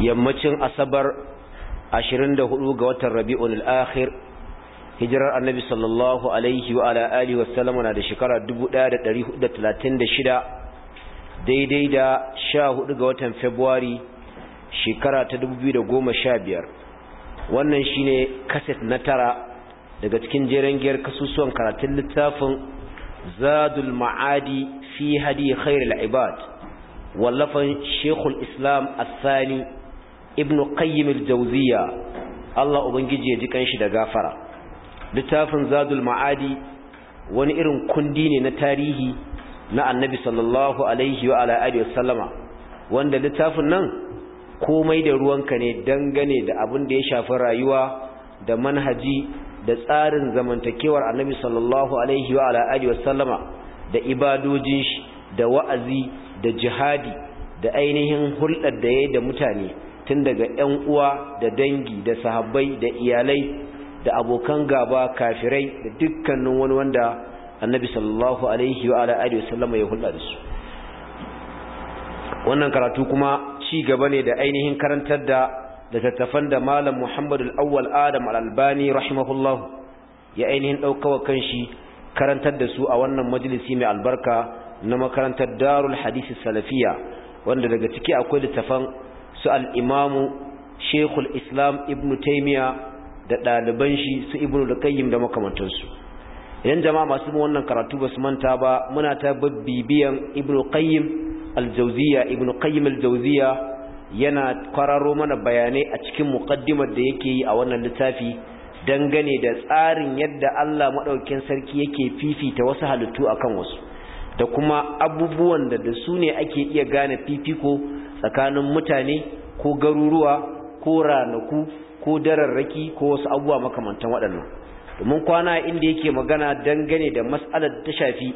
yammacin asabar 24 ga watan rabi'ul akhir hijirar annabi sallallahu alaihi wa ala alihi wa na da shekara 1436 daidai da 14 ga watan february shekara ta 2015 wannan shine kaset na tara daga cikin jeren giyar kasusuwan karatun littafin zadul ma'adi fi hadi khairul ibad wallafan shekul islam asani ibn qayyim al-jawziya Allah ubangiji ya ji kanshi da gafara littafin zadul ma'adi wani irin kundi ne na tarihi na annabi sallallahu alaihi wa ala alihi wasallama wanda littafin nan komai da ruwanka ne dangane da abin da ya shafi rayuwa da manhaji da tsarin zamantakewar annabi sallallahu alaihi wa ala alihi wasallama da ibadojin shi da wa'azi da jihadi da ainihin hulɗar da ya yi da mutane tun daga 'yan uwa da dangi da sahabbai da iyalai da abokan gaba kafirai da dukkanin wani wanda annabi sallallahu alaihi wa ala wasallama ya hulɗa da su wannan karatu kuma ci gaba ne da ainihin karantar da littattafan tattafan da malam Muhammadu awwal adam al-albani rahimahullah ya ainihin ɗaukawa kanshi karantar da su a wannan majalisi mai albarka na makarantar darul hadisi salafiya wanda daga ciki akwai littattafan su al'imamu shekul islam ibn taimiya da ɗaliban shi su ibn al da makamantansu idan jama'a masu wannan karatu ba su manta ba muna ta bibiyan ibn al aljauziya al ibn qayyim yana kwararo mana bayanai a cikin mukaddimar da yake yi a wannan littafi dangane da tsarin yadda Allah maɗaukin sarki yake fifita wasu halittu akan wasu da kuma abubuwan da da su ne ake iya gane fifiko tsakanin mutane ko garuruwa ko ranaku ko dararraki ko wasu abuwa makamantan waɗannan domin kwana inda yake magana dangane da matsalar ta shafi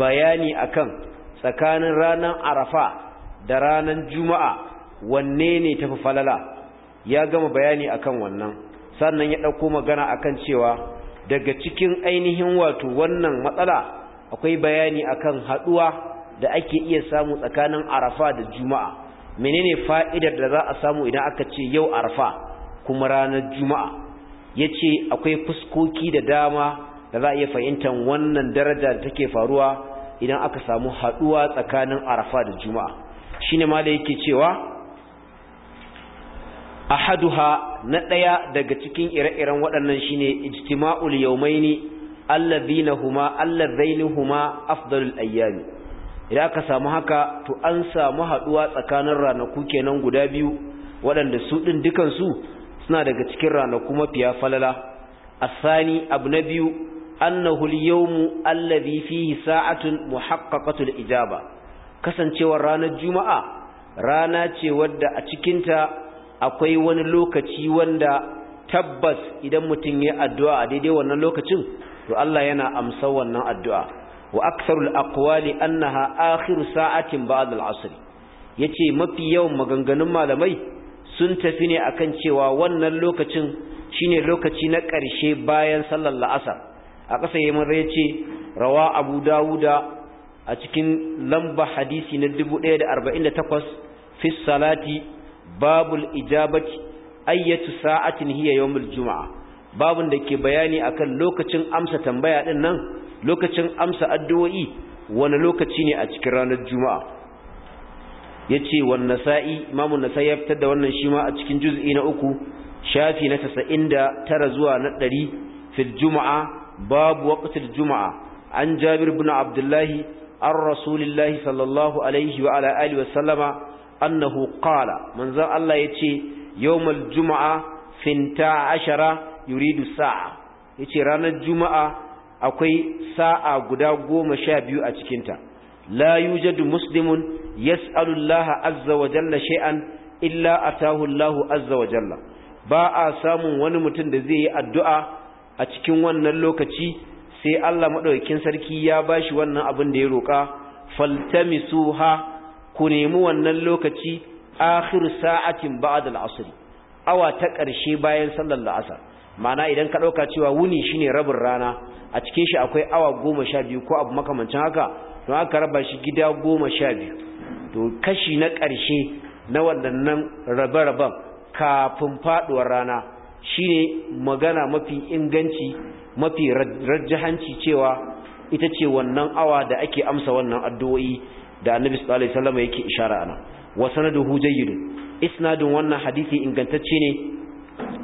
bayani akan tsakanin ranar arafa da ranar juma'a wanne ne tafi falala ya gama bayani akan wannan sannan ya ɗauko magana akan cewa daga cikin ainihin wato wannan matsala akwai bayani akan haɗuwa da ake iya samu tsakanin arafa da juma'a menene fa'idar da za a samu idan aka ce yau arfa kuma ranar juma'a Ya ce akwai fuskoki da dama da za a iya fahimtar wannan daraja da take faruwa idan aka samu haɗuwa tsakanin arfa da juma'a shine ma da yake cewa ahaduha na ɗaya daga cikin ire-iren waɗannan shine ijtima'ul yawmaini alladhina huma alladhaini huma afdalul ayyami idan aka samu haka to an samu haduwa tsakanin ranaku kenan guda biyu waɗanda su ɗin dukansu suna daga cikin ranaku mafiya falala asani abu na biyu annahu al-yawmu alladhi fihi sa'atun muhaqqaqatu al-ijaba kasancewar ranar juma'a rana ce wadda a cikinta akwai wani lokaci wanda tabbas idan mutum ya addu'a a daidai wannan lokacin to Allah yana amsa wannan addu'a wa aktharul aqwali annaha akhiru sa'atin ba'd al-'asr yace mafi yawan maganganun malamai sun tafi ne akan cewa wannan lokacin shine lokaci na ƙarshe bayan sallar la'asar a ƙasa yamma ce rawa abu dawuda a cikin lamba hadisi na 1148 fi salati babul ijabati ayyatu sa'atin hiya yawmul juma'a babun da ke bayani akan lokacin amsa tambaya din nan lokacin amsa addu'o'i wani lokaci ne a cikin ranar juma'a yace wan nasa'i imamu nasa'i ya fitar da wannan shi ma a cikin juz'i na uku shafi na 99 zuwa na 100 fil juma'a babu waqtil juma'a an jabir ibn abdullahi an rasulillahi sallallahu alaihi wa ala alihi wa sallama annahu qala manzon Allah yace yawmal juma'a finta ashara yuridu sa'a yace ranar juma'a akwai sa'a guda goma sha biyu a cikinta la yujadu muslimun yas'alu Allah azza wa jalla shay'an illa atahu Allah azza wa jalla ba a samun wani mutum da zai yi addu'a a cikin wannan lokaci sai Allah maɗaukin sarki ya bashi wannan abin da ya roka faltamisuha ku nemi wannan lokaci akhir sa'atin ba'da da asr awa ta ƙarshe bayan sallar la'asar ma'ana idan ka ɗauka cewa wuni shine rabin rana a cikin shi akwai awa goma sha biyu ko abu makamancin haka don aka raba shi gida goma sha biyu to kashi na ƙarshe na waɗannan rabe-raben kafin faɗuwar rana shine magana mafi inganci mafi rajjahanci cewa ita ce wannan awa da ake amsa wannan addu'o'i da annabi sallallahu alaihi wasallam yake ishara ana wa sanaduhu jayyidun isnadun wannan hadisi ingantacce ne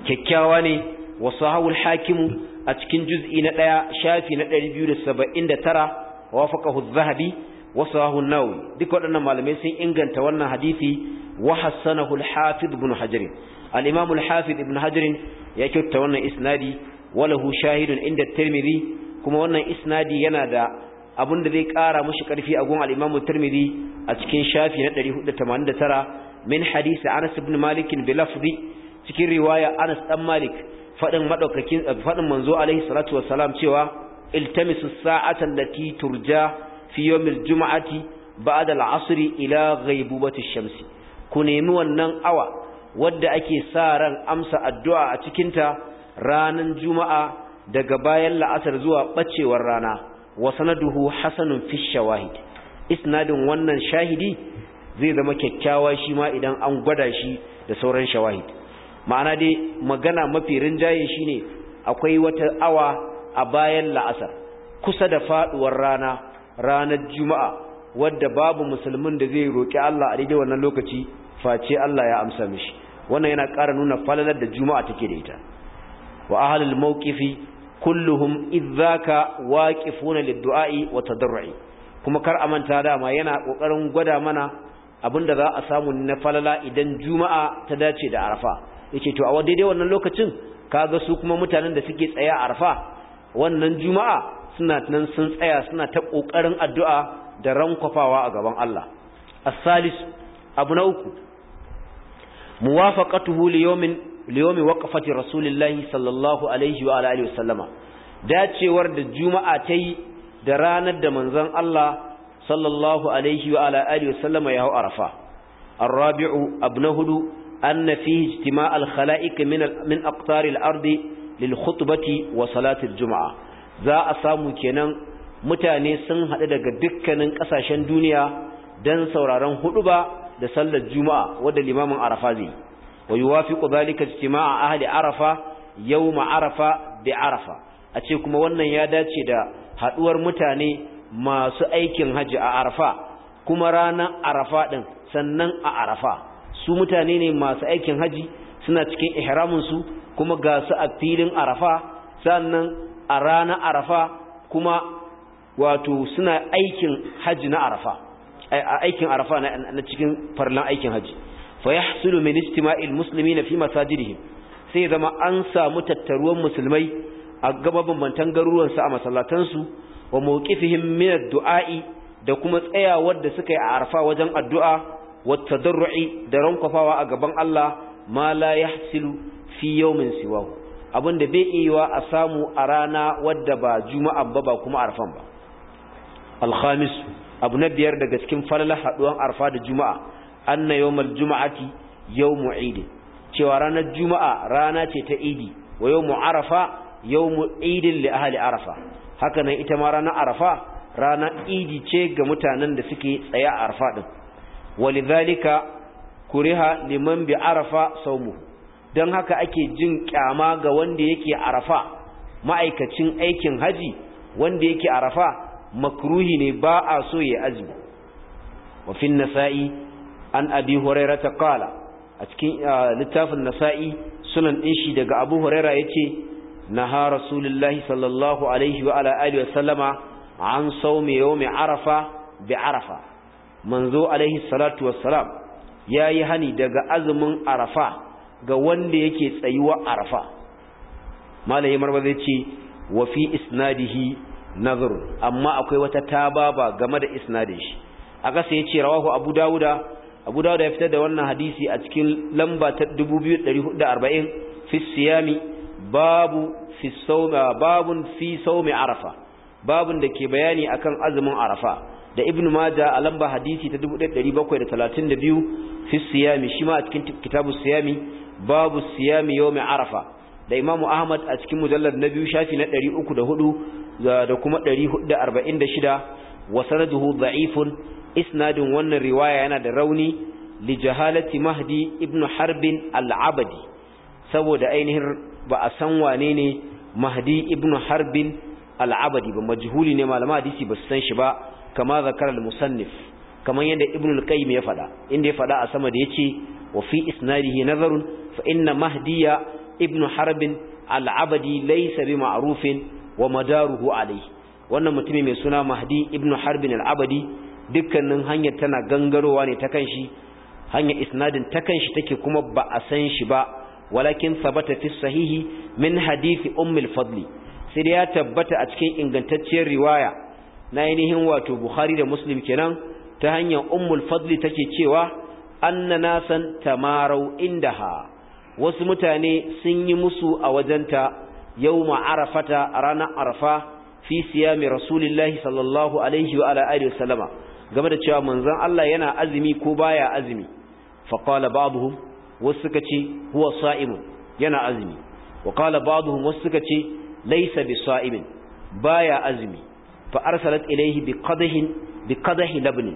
kyakkyawa ne وصاحب الحاكم اتكن جزء ندايا شافي ن 279 وافقه الذهبي وصاحب النووي ديك waɗannan معلمي sun inganta wannan hadisi وحسنه الحافظ ابن حجر الامام ibn ابن ya kyauta wannan isnadi وله شاهد inda الترمذي kuma wannan isnadi yana da abun zai kara mushi karfi a gun al-Imam al-Tirmidhi a cikin shafi na 489 min hadisi Anas ibn malikin bi lafzi cikin riwaya Anas ɗan Malik Faɗin madaukakin eh, fadin manzo alaihi salatu wassalam cewa iltamisu sa'atan lati turja fi yawmil juma'ati ba'da al-'asr ila ghaibubati shamsi ku nemi wannan awa wadda ake sa ran amsa addu'a a cikinta ranan juma'a daga bayan la'asar zuwa ɓacewar rana wa sanaduhu hasanun fi shawahid isnadin wannan shahidi zai zama kyakkyawa shi ma idan an gwada shi da sauran shawahid ma'ana dai magana mafi rinjaye shine akwai wata awa a bayan la'asar kusa da faduwar rana ranar juma'a wadda babu musulmin da zai roki Allah a daidai wannan lokaci face Allah ya amsa mishi wannan yana ƙara nuna falalar da juma'a take da ita wa ahlul mawqifi kulluhum idzaka waqifuna lid-du'a'i wa tadarru'i kuma kar a manta dama yana kokarin gwada mana abinda za a samu na falala idan juma'a ta dace da arafa yace to a dai wannan lokacin kaga su kuma mutanen da suke tsaya a arfa wannan juma'a suna nan sun tsaya suna ta kokarin addu'a da rankwafawa a gaban Allah as-salis abu na uku muwafaqatuhu li yawmin li yawmi waqfati rasulillahi sallallahu alaihi wa alihi wasallama dacewar da juma'a tayi da ranar da manzon Allah sallallahu alaihi wa alihi wasallama ya hawo arfa الرابع ابن هدو anna fi ijtima' al-khala'iq min min aqtar al wa salati Juma'a za a samu kenan mutane sun haɗu daga dukkanin ƙasashen duniya dan sauraron huduba da sallar juma'a wanda limamin arafa zai wa yuwafiqu dhalika ijtima'a ahli arafa yawma arafa bi arafa a ce kuma wannan ya dace da haɗuwar mutane masu aikin haji a arafa kuma ranar arafa ɗin sannan a arafa su mutane ne masu aikin haji suna cikin ihramin su kuma ga su a filin arafa sannan a ranar arafa kuma wato suna aikin haji na arafa aikin arafa na cikin farlan aikin haji fa yahsulu min istima'il na fi masajidihim sai zama an samu tattaruwan musulmai a gaba bambantan garuruwansu a masallatansu wa mawqifihim min duai da kuma tsayawar da suka yi a arafa wajen addu'a wata da rankwafawa a gaban Allah ma la yahsilu fi yawmin siwahu abinda bai iya a samu a rana wadda ba juma'a ba ba kuma arfan ba alhamis abu na biyar daga cikin falalar haduwan arfa da juma'a anna yawmal juma'ati yawmu idi cewa ranar juma'a rana ce ta idi wa yawmu arafa yawmu idin li ahli arafa haka nan ita ma ranar arafa rana idi ce ga mutanen da suke tsaye a arfa din walidhalika kuriha liman bi arafa saumu don haka ake jin kyama ga wanda yake arafa ma'aikacin aikin haji wanda yake arafa makruhi ne ba a so ya azumi wa nasa'i an abi hurairata kala a cikin littafin nasa'i sunan din shi daga abu huraira yace naha rasulullahi sallallahu alaihi wa ala alihi wa sallama an sawmi yawmi arafa bi arafa manzo alaihi salatu wassalam ya yi hani daga azumin arafa ga wanda yake tsayuwa arafa malayi marba zai ce wa fi isnadihi nazar amma akwai wata tababa game da isnadin shi a ƙasa ya ce rawahu abu dawuda abu dawuda ya fitar da wannan hadisi a cikin lamba ta 2440 fi siyami babu fi saumi babun fi saumi arafa babun da ke bayani akan azumin arafa da ibn maja a lamba hadisi ta 1732 fi siyami shi ma a cikin kitabu siyami babu siyami mai arafa da imamu ahmad a cikin mujallar na biyu shafi na 304 da kuma 446 wa sanaduhu da'ifun isnadin wannan riwaya yana da rauni li jahalati mahdi ibn harbin al saboda ainihin ba a san wane ne mahdi ibn harbin al ba majhuli ne malama hadisi ba su san shi ba kama zakar al-musannif kamar yadda ibnul al-qayyim ya faɗa inda ya faɗa a sama da yace wa fi isnadihi nazarun fa inna mahdiya ibn harb al-abadi laysa bi ma'rufin wa madaruhu alayhi wannan mutumin mai suna mahdi ibn harb al-abadi dukkanin hanyar tana gangarowa ne ta kanshi hanyar isnadin ta kanshi take kuma ba a san shi ba walakin sabata fi sahihi min hadisi ummul fadli sai da ya tabbata a cikin ingantacciyar riwaya na ainihin wato bukhari da muslim kenan ta hanyar ummul fadli take cewa anna nasan tamarau indaha wasu mutane sun yi musu a wajenta yawma arafata ranar arfa fi siyami rasulillahi sallallahu alaihi wa ala alihi wasallama game da cewa manzon Allah yana azumi ko baya azumi fa qala ba'dhum wasu suka ce huwa sa'imun yana azumi wa qala ba'dhum wasu suka ce laysa bi sa'imin baya azumi fa arsalat ilayhi bi qadhin bi qadhi labni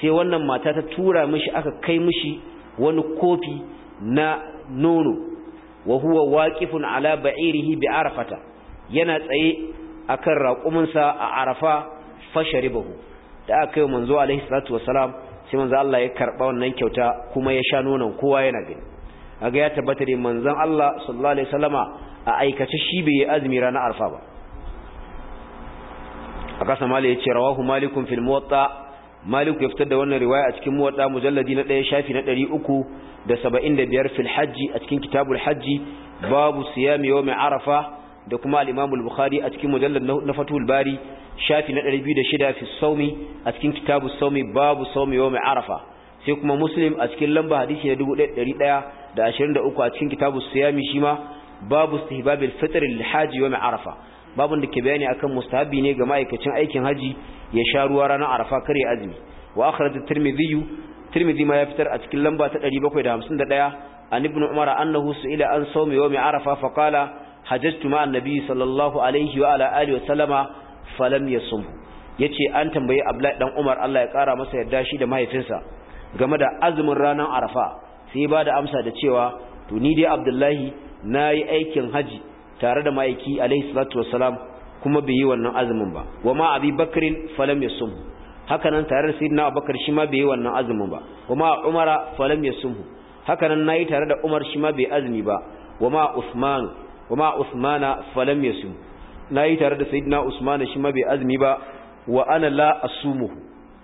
sai wannan mata ta tura mishi aka kai mishi wani kofi na nono wa huwa waqifun ala ba'irihi bi arafata yana tsaye akan raƙuminsa a arafa fasharibahu da aka yi manzo alaihi salatu wasalam sai manzo Allah ya karba wannan kyauta kuma ya sha nonon kowa yana gani kaga ya tabbata da manzon Allah sallallahu alaihi wasallama a aikace shi bai azumi ranar arfa ba haka samali yace rawahu malikun fil muwatta maliku ya fitar da wannan riwaya a cikin muwatta mujalladi na 1 shafi na uku da saba'in 375 fil hajji a cikin kitabul hajji babu siyami siyam yawm arafa da kuma al-imam bukhari a cikin mujallad na fatul bari shafi na biyu da shida fi sawmi a cikin kitabus sawmi babu sawmi yawm arafa sai kuma muslim a cikin lamba hadisi na uku a cikin kitabus siyami shima babu istihbabil fitr lil haji yawm arafa babun da ke bayani akan mustahabi ne ga ma'aikacin aikin haji ya sha ruwa ranar arafa kare azumi wa akhrajat tirmidhi tirmidhi ma ya fitar a cikin lamba ta 751 an ibn umara annahu su'ila an sawmi yawmi arafa fa qala hajjtu ma annabi sallallahu alaihi wa ala alihi wa sallama falam yasum yace an tambayi abdullahi dan umar Allah ya kara masa yadda shi da mahaifinsa game da azumin ranar arafa sai ba da amsa da cewa to ni dai abdullahi nayi aikin haji tare da ma'aiki alaihi salatu wassalam kuma bai yi wannan azumin ba wa ma abi bakrin falam yasum haka nan tare da sayyidina abubakar shi ma bai yi wannan azumin ba wa ma umara falam yasum haka nan nayi tare da umar shi ma bai azumi ba wa ma usman wa ma usmana falam yasum nayi tare da sayyidina usman shi ma bai azumi ba wa ana la asumuhu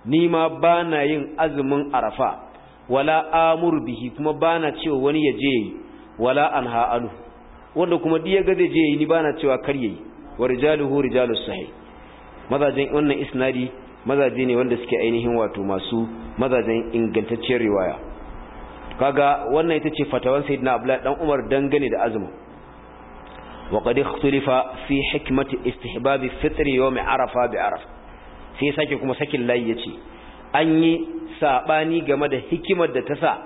ni ma bana yin azumin arafa wala amur bihi kuma bana cewa wani ya je yi wala anha anhu wanda kuma duk ya ga zai je yi ni bana cewa karye wa rijaluhu rijalus sahih mazajin wannan isnadi mazaje ne wanda suke ainihin wato masu mazajen ingantacciyar riwaya kaga wannan ita ce fatawan sayyidina abdullahi dan umar dangane da azumi wa qad ikhtalifa fi hikmati istihbabi fitr yawm arafa bi arafa sai sake kuma sakin layi yace an yi sabani game da hikimar da ta sa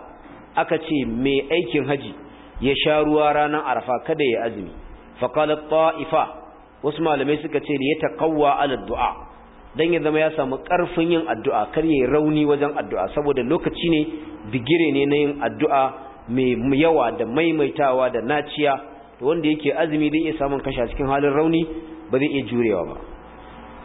aka ce mai aikin haji ya sha ruwa ranar arafa kada ya azumi faqalat ta'ifa wasu malamai suka ce da ya taqawwa ala du'a dan ya zama ya samu ƙarfin yin addu'a kar yi rauni wajen addu'a saboda lokaci ne bigire ne na yin addu'a mai yawa da maimaitawa da naciya to wanda yake azumi dan ya samu kasha cikin halin rauni ba zai iya jurewa ba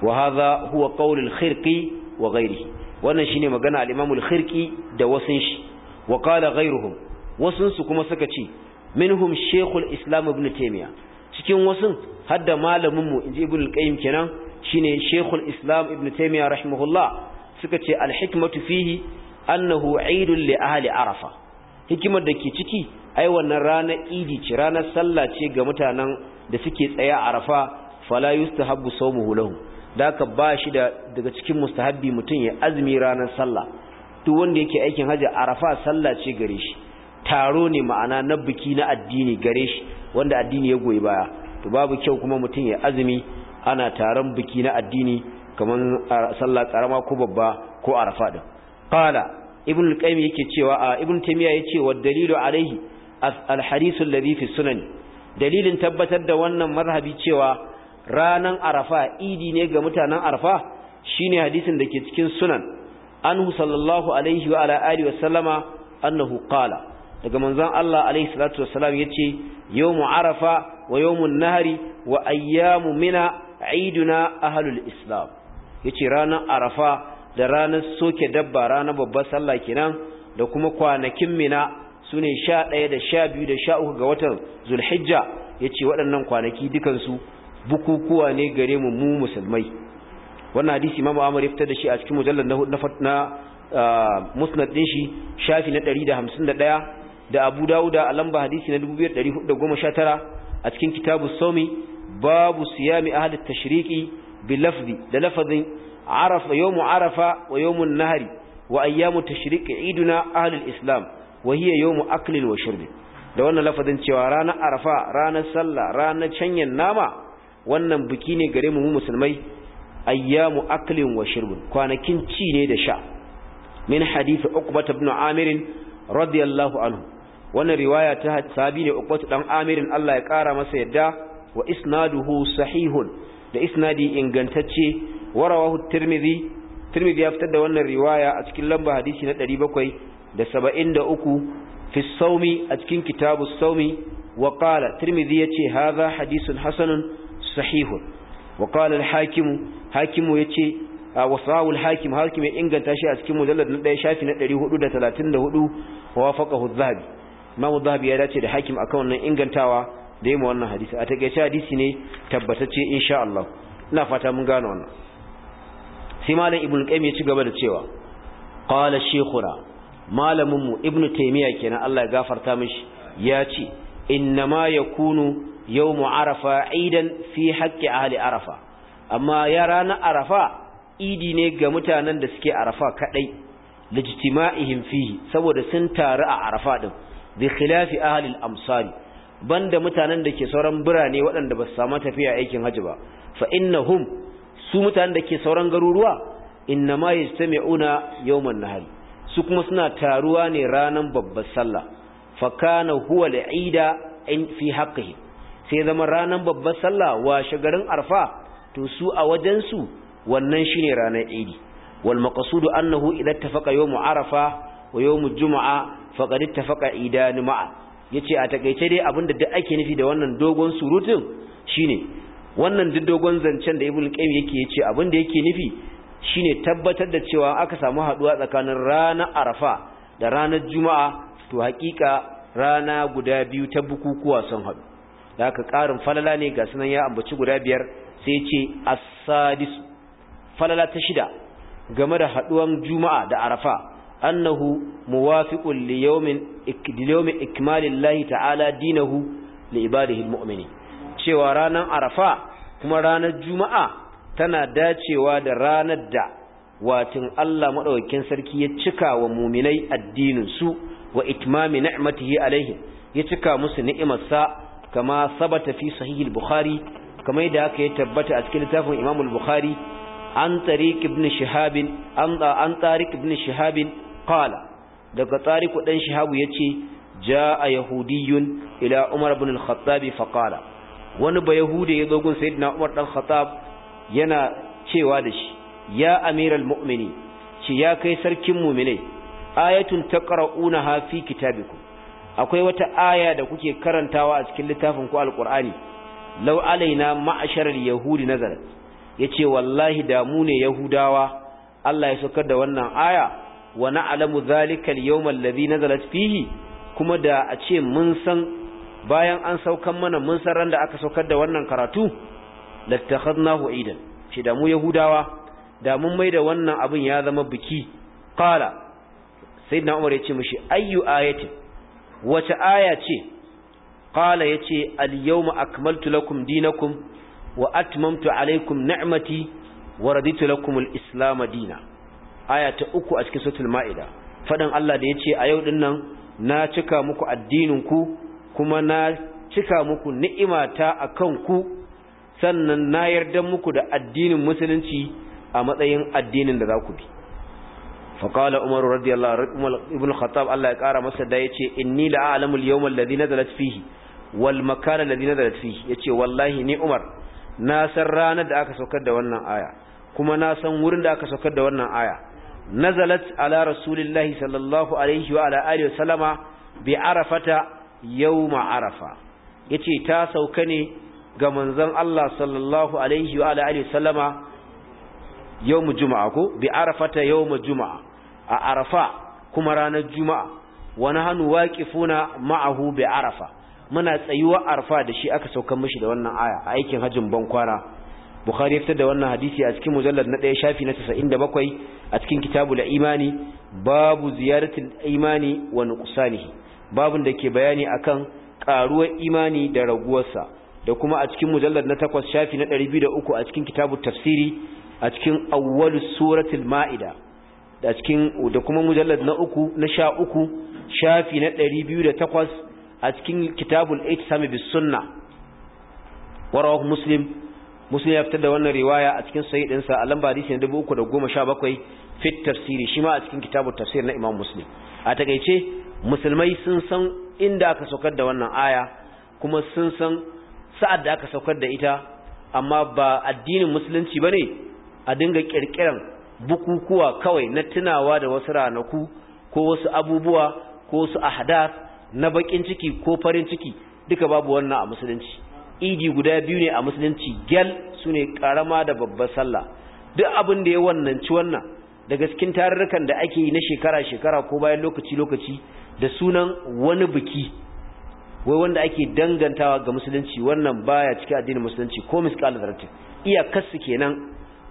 wa hadha huwa qawlul khirqi wa ghairihi wannan shine magana al-imam al-khirqi da wasun shi wa qala ghairuhum wasunsu kuma suka ce minhum shekul islam ibn taimiya cikin wasun har da malaminmu in ji ibn al kenan shine shekul islam ibn taimiya rahimahullah suka ce alhikmatu fihi annahu eidun li ahli arafa hikimar da ke ciki ai wannan ranar idi ce ranar sallah ce ga mutanen da suke tsaya arafa fala yustahabbu sawmuhu lahum da ka ba shi da daga cikin mustahabbi mutum ya azumi ranar sallah duk wanda yake aikin hajji arafa sallah ce gare shi taro ne ma'ana na biki na addini gare shi wanda addini ya goyi baya to babu kyau kuma mutum ya azumi ana taron biki na addini kaman sallah karama ko babba ko arafa din qala ibn al-qayyim yake cewa a ibn taymiya yake wa dalilu alaihi al-hadith alladhi fi sunan dalilin tabbatar da wannan mazhabi cewa ranan arafa idi ne ga mutanen arafa shine hadisin da ke cikin sunan anhu sallallahu alaihi wa ala alihi wa sallama annahu qala daga manzon Allah alaihi salatu wassalam yace yawmu arafa wa yawmun nahari wa ayyamu mina aiduna ahlul islam yace ranar arafa da ranar soke dabba ranar babbar sallah kenan da kuma kwanakin mina sune 11 da 12 da 13 ga watan zulhijja yace waɗannan kwanaki dukansu bukukuwa ne gare mu mu musulmai wannan hadisi Imam Ahmad ya fitar da shi a cikin mujallal na na ah, musnad din shi shafi na 151 da Abu Dawuda a lamba hadisi na 2419 a cikin kitabu Sawmi babu siyami ahli tashriqi bi da lafazin arafa yawmu arafa wa yawmun nahri wa ayyamu tashriqi iduna ahli islam wa hiya yawmu aklin wa shurbi da wannan lafazin cewa ranar arafa ranar sallah ranar canyen nama wannan biki ne gare mu musulmai ayyamu aklin wa shirbin kwanakin ci ne da sha min hadisi uqbah ibn Amirin radiyallahu anhu wannan riwaya ta sabi ne uqbatu dan amirin Allah ya kara masa yadda wa isnaduhu sahihun da isnadi ingantacce warawahu tirmidhi tirmidhi ya fitar da wannan riwaya a cikin lamba hadisi na 773 fi saumi a cikin kitabu saumi wa qala tirmidhi yace hadha hadisun hasanun sahihun wa qala al-hakim hakimu yace wasawul hakim hakim ya inganta shi a cikin mujallad na 1 shafi na 434 wa wafaqahu adh-dhahabi imamu zahabi ya dace da hakim akan wannan ingantawa da yi wannan hadisi a shi hadisi ne tabbatacce insha Allah ina fata mun gane wannan sai malam ibnu qayyim ya ci gaba da cewa qala shekura malamin mu ibnu taymiya kenan Allah ya gafarta mishi ya ce kunu yakunu yawmu arafa aidan fi haqqi ahli arafa amma ya ranar arafa idi ne ga mutanen da suke arafa kadai lijtima'ihim fihi saboda sun taru a arafa ɗin. bi khilafi ahli al-amsari banda mutanen da ke sauran birane waɗanda ba su samu tafiya aikin hajji ba fa innahum su mutanen da ke sauran garuruwa innama yajtami'una yawman nahari su kuma suna taruwa ne ranan babbar sallah fa kana huwa al in fi haqqihi sai zama ranan babbar sallah wa shagarin arfa to su a wajen su wannan shine ranar idi wal maqsudu annahu idan tafaqa yawmu arafa wa yawmu jumu'a faqad ittafaqa idanu ma'a yace a takeice dai abinda duk ake nufi da wannan dogon surutun shine wannan duk dogon zancen da ibul qayyim yake yace abinda yake nufi shine tabbatar da cewa aka samu haɗuwa tsakanin ranar arafa da ranar juma'a to hakika rana guda biyu ta bukukuwa sun haɗu da aka ƙarin falala ne ga sunan ya ambaci guda biyar sai ce as-sadis falala ta shida game da haduwan juma'a da arafa annahu muwafiqun li yawmin ikmalillahi ta'ala dinahu li ibadihi cewa ranar arafa kuma ranar juma'a tana dacewa da ranar da watin Allah maɗaukakin sarki ya cika wa mu'minai addinin su wa itmami ni'matihi alaihim ya cika musu ni'imarsa kama sabata fi sahih al-bukhari kamar da aka ya tabbata a cikin littafin Imam al-Bukhari an tariq ibn shihab an an tariq ibn qala daga tariku dan shihabu yace jaa yahudiyyun ila umar ibn al-khattab fa qala wani ba yahude yazo gun sayyidina umar dan khattab yana cewa da shi ya amiral mu'mini ce ya kai sarkin mu'minai ayatun taqra'unaha fi kitabikum akwai wata aya da kuke karantawa a cikin littafin ku alqur'ani law alaina ma'asharal yahudi nazarat yace wallahi da mu ne yahudawa Allah ya saukar da wannan aya wa na'lamu dhalika al-yawm alladhi nazalat fihi kuma da a ce mun san bayan an saukan mana mun san ran da aka saukar da wannan karatu lattakhadnahu idan shi da mu yahudawa da mun da wannan abin ya zama biki qala sayyidina umar ya ce mishi ayyu ayati wace aya ce qala yace al-yawma akmaltu lakum dinakum wa atmamtu alaykum ni'mati wa raditu lakum al-islam dinan aya ta uku a cikin suratul ma'ida fadan Allah da yace a yau dinnan na cika muku addinin ku kuma na cika muku ni'imata akan ku sannan na yarda muku da addinin musulunci a matsayin addinin da za ku bi kala umar radiyallahu الله ibn khattab Allah ya ƙara masa da yace inni la a'lamu al-yawma alladhi nazalat fihi wal makana alladhi nazalat fihi yace wallahi ni Umar na san ranar da aka saukar da wannan aya kuma na san wurin da aka saukar da wannan aya nazalat ala rasulillahi sallallahu alaihi wa ala alihi wasallama bi arafata yawma arafa yace ta sauka ne ga manzon Allah sallallahu alaihi wa ala alihi wasallama yawmu juma'a ko bi yau yawmu juma'a a arafa kuma ranar juma'a wa nahnu waqifuna ma'ahu bi arafa muna tsayuwa arafa da shi aka sauka mishi da wannan aya a aikin hajjin bankwana bukhari ya fitar da wannan hadisi a cikin mujallar na ɗaya shafi na da bakwai a cikin kitabu kitabul imani babu ziyaratul imani wa nuqsanihi babun da ke bayani a kan ƙaruwar imani da raguwarsa da kuma a cikin mujallar na takwas shafi na ɗari biyu da uku a cikin kitabu tafsiri a cikin awwal suratul maida da cikin da kuma mujallar na 3 na 13 shafi na takwas a cikin kitabul ihsam bis sunna warahu muslim musulun ya fitar da wannan riwaya a cikin sayi ɗinsa a lamba hadisi na 317 fit tafsiri shi ma a cikin kitabu tafsir na imam musulun a takaice musulmai sun san inda aka saukar da wannan aya kuma sun san sa'ad da aka saukar da ita amma ba addinin musulunci ba ne a dinga kirkiran bukukuwa kawai na tunawa da wasu ranaku ko wasu abubuwa ko wasu ahdath na baƙin ciki ko farin ciki duka babu wannan a musulunci idi guda biyu ne a musulunci gyal su ne karama da babbar sallah duk abin da ya wannan ci wannan daga cikin tarurrukan da ake yi na shekara-shekara ko bayan lokaci-lokaci da sunan wani biki wai wanda ake dangantawa ga musulunci wannan baya cikin addinin musulunci ko miskal zartin kasu kenan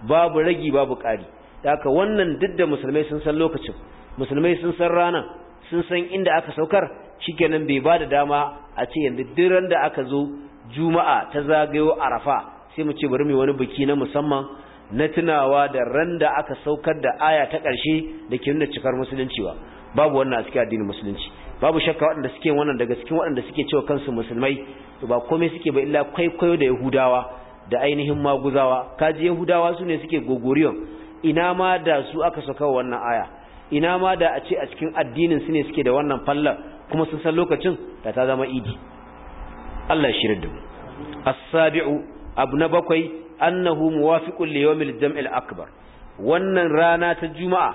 babu ragi babu kari haka wannan duk da musulmai sun san lokacin musulmai sun san rana sun san inda aka saukar shi kenan bai ba da dama a ce yanzu duk da aka zo juma'a ta zagayo arafa sai mu ce bari mu wani biki na musamman na tunawa da ran da aka saukar da aya ta ƙarshe da ke nuna cikar musulunci ba babu wannan a cikin addinin musulunci babu shakka waɗanda suke wannan daga cikin waɗanda suke cewa kansu musulmai to ba komai suke ba illa kwaikwayo da yahudawa da ainihin maguzawa kaji yahudawa su ne suke gogoriyon ina ma da su aka sauka wannan aya ina ma da a ce a cikin addinin su ne suke da wannan fallar kuma sun san lokacin da ta zama idi Allah shi riddu as-sabi'u abu na bakwai annahu muwafiqun li yawmil jam'il akbar wannan rana ta juma'a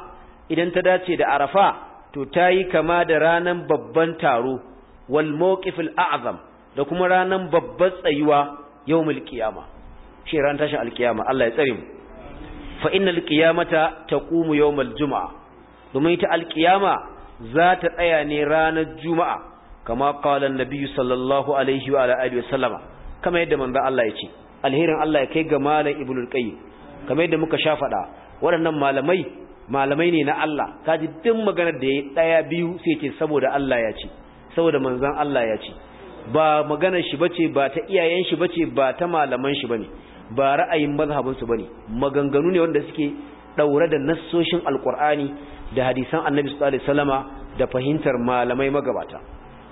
idan ta dace da arafa to tayi kama da ranan babban taro wal mawqif al-a'zam da kuma ranan babbar tsayuwa yawmil qiyama shi ran tashin al Allah ya tsare mu fa innal qiyamata taqumu yawmal juma'a domin ita al za ta tsaya ne ranar juma'a kama qala an-nabi sallallahu alaihi wa alihi wasallama kama yadda manzan Allah ya ce alherin Allah ya kai ga malam ibnu qayyim kama yadda muka sha fada waɗannan malamai malamai ne na Allah kaji duk maganar da ya yi ɗaya biyu sai ce saboda Allah ya ce saboda manzan Allah ya ce ba maganar shi bace ba ta iyayen shi bace ba ta malaman shi bane ba ra'ayin mazhabin su bane maganganu ne wanda suke ɗaure da nassoshin Alƙur'ani da hadisan annabi sallallahu alaihi wasallama da fahimtar malamai magabata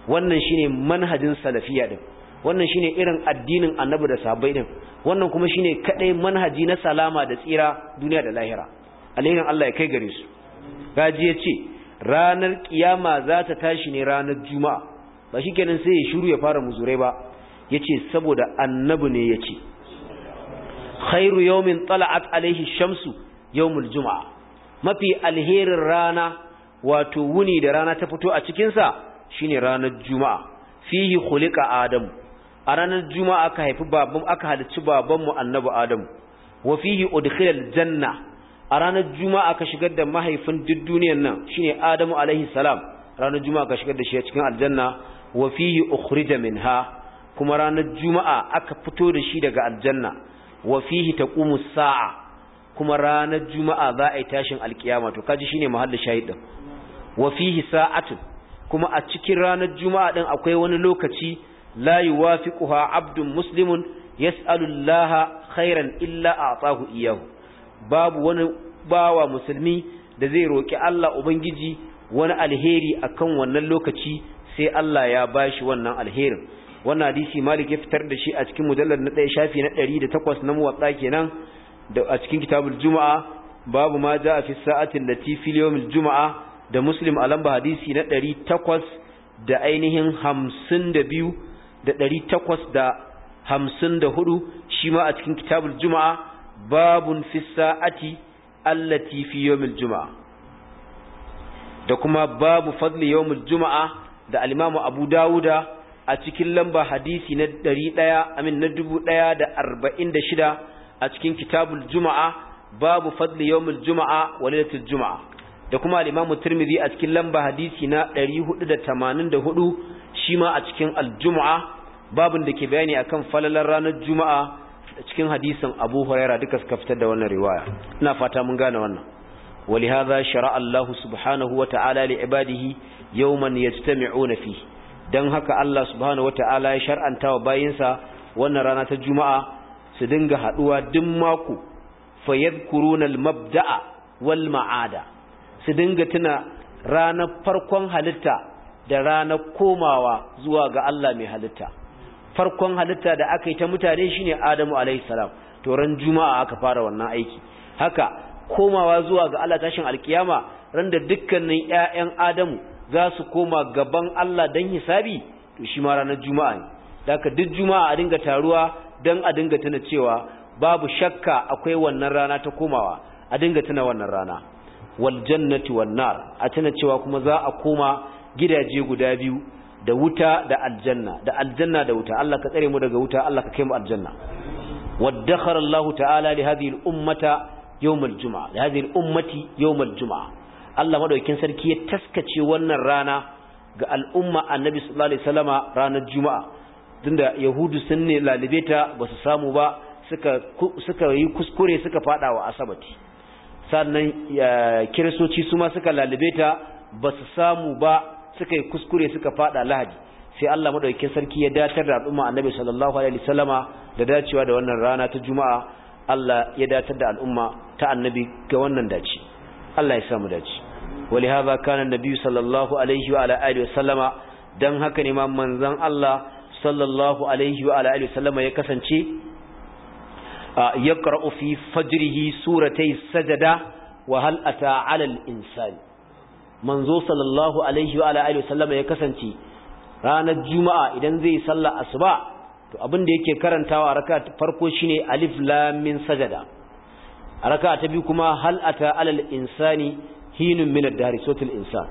wannan shine manhajin salafiya din wannan shine irin addinin annabi da sahabbai din wannan kuma shine kadai manhaji na salama da tsira duniya da lahira alherin Allah ya kai gare su gaji yace ranar kiyama za ta tashi ne ranar juma'a ba shikenan sai ya shiru ya fara muzurai ba yace saboda annabi ne yace khairu yawmin tala'at alaihi shamsu yawmul juma'a mafi alherin rana wato wuni da rana ta fito a cikin sa shine ranar juma'a fihi khuliqa adam a ranar juma'a aka haifi baban aka halicci baban mu annabi adam wa fihi udkhila janna a ranar juma'a aka shigar da mahaifin duk duniyar nan shine adamu alaihi salam ranar juma'a aka shigar da shi cikin aljanna wa fihi ukhrija minha kuma ranar juma'a aka fito da shi daga aljanna wa fihi taqumu sa'a kuma ranar juma'a za a yi tashin alkiyama to kaji shine mahallin shahid din wa fihi sa'atun kuma a cikin ranar juma'a din akwai wani lokaci la yuwafiquha abdun muslimun yas'alu al'ullaha khairan illa a'tahu iyahu babu wani bawa musulmi da zai roki Allah ubangiji wani alheri akan wannan lokaci sai Allah ya bashi wannan alherin wannan hadisi Malik ya fitar da shi a cikin mujallar na ɗaya shafi na ɗari da takwas na muwatsa kenan da a cikin kitabul juma'a babu ma ja a fi sa'atin da tifiliyomil juma'a da muslim a lamba hadisi na ɗari takwas da ainihin hamsin da biyu da ɗari takwas da hamsin da hudu shi ma a cikin kitabul juma'a babun fi sa'ati allati fi yawmil juma'a da kuma babu fadli yawmil juma'a da alimamu abu dawuda a cikin lamba hadisi na ɗari ɗaya amin na dubu ɗaya da arba'in da shida a cikin kitabul juma'a babu fadli yawmil juma'a wa lailatul juma'a da kuma al-Imam a cikin lamba hadisi na 484 shi ma a cikin al-Jum'a babin da ke bayani akan falalar ranar Juma'a cikin hadisin Abu Huraira duka suka fitar da wannan riwaya ina fata mun gane wannan allah subhanahu wa ta'ala li ibadihi yawman yajtami'una fi. dan haka Allah subhanahu wa ta'ala ya shar'anta wa bayinsa wannan rana ta juma'a su dinga haduwa duk mako yadhkuruna al-mabda'a wal ma'ada su dinga tuna ranar farkon halitta da ranar komawa zuwa ga Allah mai halitta farkon halitta da aka yi ta mutane shine Adamu alaihissalam to ran juma'a aka fara wannan aiki haka komawa zuwa ga Allah tashin alkiyama ran da dukkanin ƴaƴan Adamu za su koma gaban Allah don hisabi to shi ma ranar juma'a ne aka duk juma'a a dinga taruwa don a dinga tuna cewa babu shakka akwai wannan rana ta komawa a dinga tuna wannan rana wal jannati nar a tana cewa kuma za a koma gidaje guda biyu da wuta da aljanna da aljanna da wuta Allah ka tsare mu daga wuta Allah ka kai mu aljanna waddakhara Allah ta'ala li hadhihi al-ummata yawm al-jum'a li hadhihi al-ummati yawm al Allah madaukakin sarki ya taskace wannan rana ga al'umma annabi sallallahu alaihi wasallama ranar juma'a tunda yahudu sun ne lalibeta basu samu ba suka suka yi kuskure suka fada wa asabati sannan kiristoci su ma suka lalube ta ba su samu ba suka yi kuskure suka fada lahadi sai Allah madaukakin sarki ya datar da al'umma annabi sallallahu alaihi wasallama da dacewa da wannan rana ta juma'a Allah ya datar da al'umma ta annabi ga wannan dace Allah ya samu dace ولهذا sallallahu alaihi wa ala alihi wasallama dan haka ne ma manzon Allah sallallahu alaihi wa ala alihi wasallama ya kasance. yaqra'u fi fajrihi suratai, sajada wa hal ata 'ala al-insani manzo sallallahu alaihi wa alihi wasallama ya kasance ranar juma'a idan zai salla asuba to abin da yake karantawa raka farko shine alif lam sajada raka ta biyu kuma hal alal insani hinun min ad-dahr suratul insan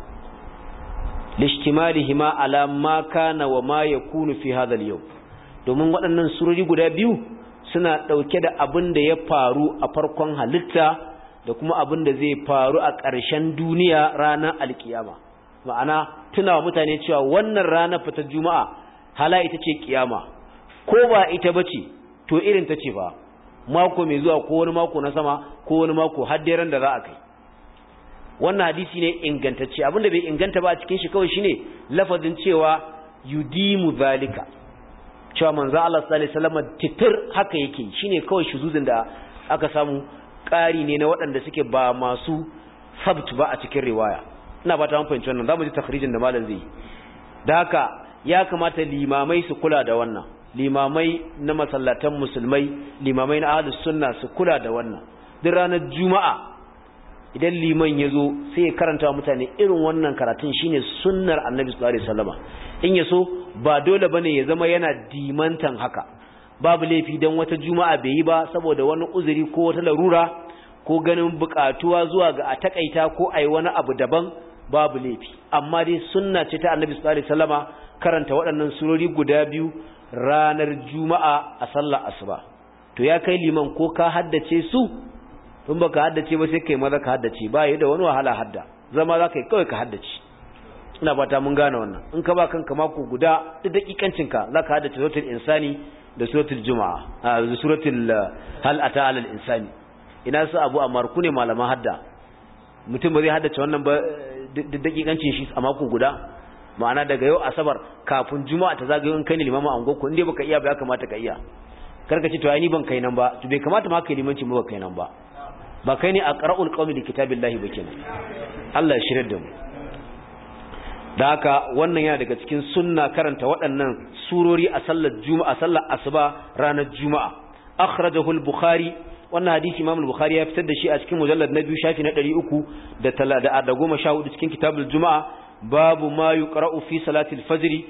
lishtimalihima ala ma kana wa fi hadha yau? domin waɗannan surori guda biyu suna ɗauke da abin da ya faru a farkon halitta da kuma abin da zai faru a ƙarshen duniya ranar alkiyama ma'ana tuna mutane cewa wannan ranar fitar juma'a hala ita ce kiyama ko ba ita ba ce to irin ta ce ba mako mai zuwa ko wani mako na sama ko wani mako hadderen da za a kai wannan hadisi ne ingantacce da bai inganta ba a cikin shi kawai shine lafazin cewa yudimu zalika cewa manzo Allah sallallahu alaihi wasallam titir haka yake shine kawai shuzuzin da aka samu ƙari ne na waɗanda suke ba masu sabt ba a cikin riwaya ina ba ta mun fahimci wannan zamu ji takhrijin da malam zai da haka ya kamata limamai su kula da wannan limamai na masallatan musulmai limamai na ahlus sunna su kula da wannan duk ranar juma'a idan liman ya zo sai ya karanta mutane irin wannan karatun shine sunnar annabi sallallahu alaihi wasallam in yaso. ba dole bane ya zama yana dimantan haka babu laifi dan wata juma'a bai yi ba saboda wani uzuri ko wata larura ko ganin bukatuwa zuwa ga a takaita ko a yi wani abu daban babu laifi amma dai sunna ce ta Annabi sallallahu alaihi karanta waɗannan surori guda biyu ranar juma'a a sallar asuba to ya kai liman ko ka haddace su tun baka haddace ba sai kai maza ka haddace ba yi da wani wahala hadda zama za ka kawai ka haddace ina ba ta mun gane wannan in ka ba kanka mako guda da dakikancin ka zaka hada suratul insani da suratul jumaa da suratul eh, hal ata alal insani ina su abu amma marku ne malaman hadda mutum ba zai haddace wannan ba eh, da dakikancin shi a mako guda ma'ana daga yau asabar kafin juma'a ta zagayo in kai ne limamin angoko in dai baka iya ba ya kamata ka iya karka ce to ai ni ban kai nan ba to bai kamata ma kai limanci ba kai nan ba ba kai ne qara'ul qawmi li kitabillahi ba kenan Allah ya shirye da mu da haka wannan yana daga cikin sunna karanta waɗannan surori a sallar sallar asuba ranar juma'a akhrajahu al-bukhari wannan hadisi imam al-bukhari ya fitar da shi a cikin mujallad na biyu shafi na 314 cikin kitabul juma'a babu ma yuqra'u fi salati al-fajr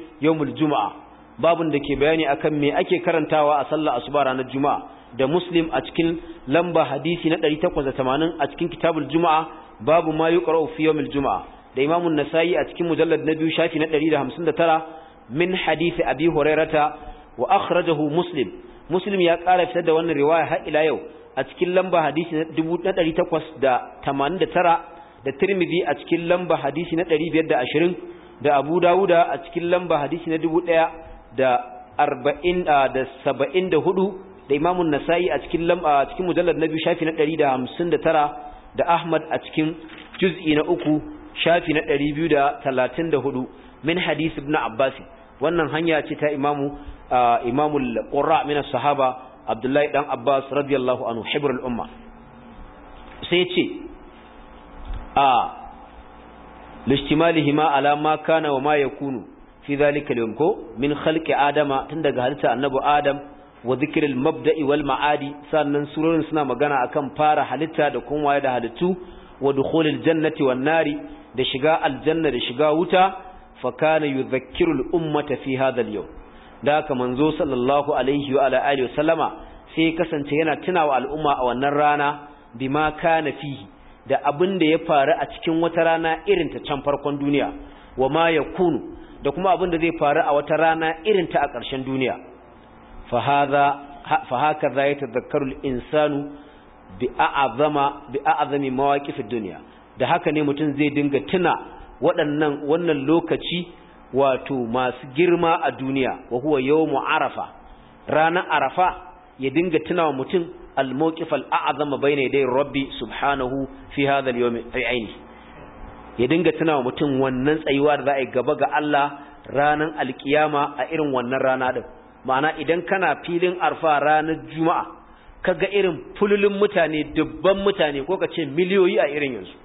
jumaa babun da ke bayani akan me ake karantawa a sallar asuba ranar juma'a da muslim a cikin lamba hadisi na 880 a cikin kitabul juma'a babu ma yuqra'u fi jumaa da Imam an a cikin mujallad na biyu shafi na 159 min hadisi Abi Hurairata wa akhrajahu Muslim Muslim ya kara fitar da wannan riwaya har ila yau a cikin lamba hadisi na 1889 da Tirmidhi a cikin lamba hadisi na 520 da Abu Dawuda a cikin lamba hadisi na 1000 da arba'in da saba'in da hudu da imamun nasa'i a cikin a cikin mujallar na biyu shafi na ɗari da hamsin da tara da ahmad a cikin juz'i na uku shafi na 234 min hadith ibn abbas wannan hanya ce ta imamu imamul qurra min as-sahaba abdullahi dan abbas radiyallahu anhu hibrul umma sai ce a lishtimalihima ala ma kana wa ma yakunu fi dhalika al-yawm ko min khalqi adama tun daga halitta annabi adam wa dhikril mabda'i wal ma'adi sannan surorin suna magana akan fara halitta da kuma waye da halittu wa dukhulil jannati wan nari da shiga aljanna da shiga wuta fa kana yudhakkirul ummata fi hadha al-yawm da haka manzo sallallahu alaihi wa ala alihi wasallama sai kasance yana tunawa al'umma a wannan rana bima kana fihi da abin da ya faru a cikin wata rana irin ta can farkon duniya wa ma yakunu da kuma abin da zai faru a wata rana irin ta a ƙarshen duniya fa hadha fa haka zai tadhakkaru al-insanu bi a'zama bi a'zami mawaqif ad-dunya da haka ne mutum zai dinga tuna waɗannan wannan lokaci wato masu girma a duniya wa huwa yawmu arafa ranar arafa ya dinga tuna wa mutum al-mawqif al-a'zama bayna yaday rabbi subhanahu fi hadha al-yawm aini ya dinga tuna wa mutum wannan tsayuwa da za a yi gaba ga Allah ranar alkiyama a irin wannan rana din ma'ana idan kana filin arfa ranar juma'a kaga irin fululun mutane dubban mutane ko ka ce miliyoyi a irin yanzu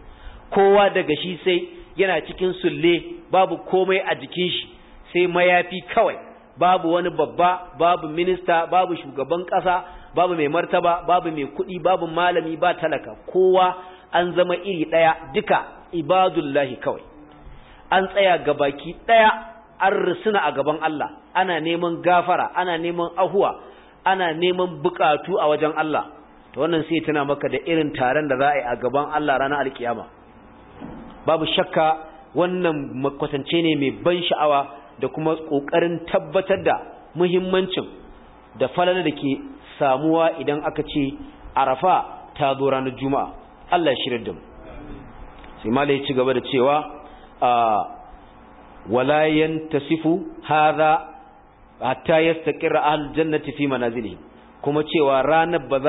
kowa daga shi sai yana cikin sulle babu komai a jikin shi sai mayafi kawai babu wani babba babu minista babu shugaban ƙasa babu mai martaba babu mai kuɗi babu malami ba talaka kowa an zama iri ɗaya duka ibadullahi kawai an tsaya ga baki ɗaya an rusuna a gaban Allah ana neman gafara ana neman ahuwa ana neman bukatu a wajen Allah to wannan sai tana maka da irin taron da za a yi a gaban Allah ranar alkiyama babu shakka wannan makwatance ne mai ban sha'awa da kuma ƙoƙarin tabbatar da muhimmancin da falala da ke samuwa idan aka ce arafa ta zo ranar juma'a Allah ya shirya da mu sai mala ya ci gaba da cewa a walayen tasifu hada hatta yastaqirra ahlul jannati fi manazili kuma cewa ranar ba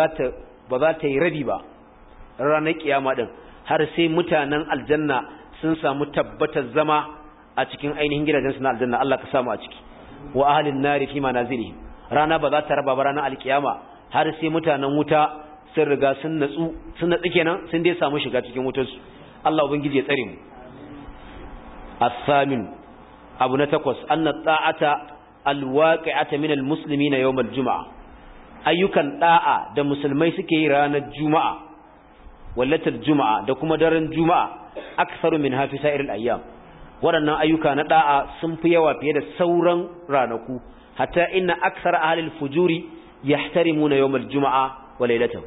za ta yi rabi ba ranar kiyama din har sai mutanen aljanna sun samu tabbatar zama a cikin ainihin gidajen su na aljanna Allah ka samu a ciki wa ahlin nari fi manazilihim rana ba za ta raba ba ranar alkiyama har sai mutanen wuta sun riga sun natsu sun natsu kenan sun dai samu shiga cikin wutar su Allah ubangiji ya tsare mu as-samin abu na takwas anna ta'ata alwaqi'ata min almuslimina yawm aljum'a ayyukan da'a da musulmai suke yi ranar juma'a wallatar juma'a da kuma daren juma'a aksaru min hafi sa'iril ayyam waɗannan ayyuka na da'a sun fi yawa fiye da sauran ranaku hatta inna aksar ahlil fujuri yahtarimuna yawmal juma'a wa lailatahu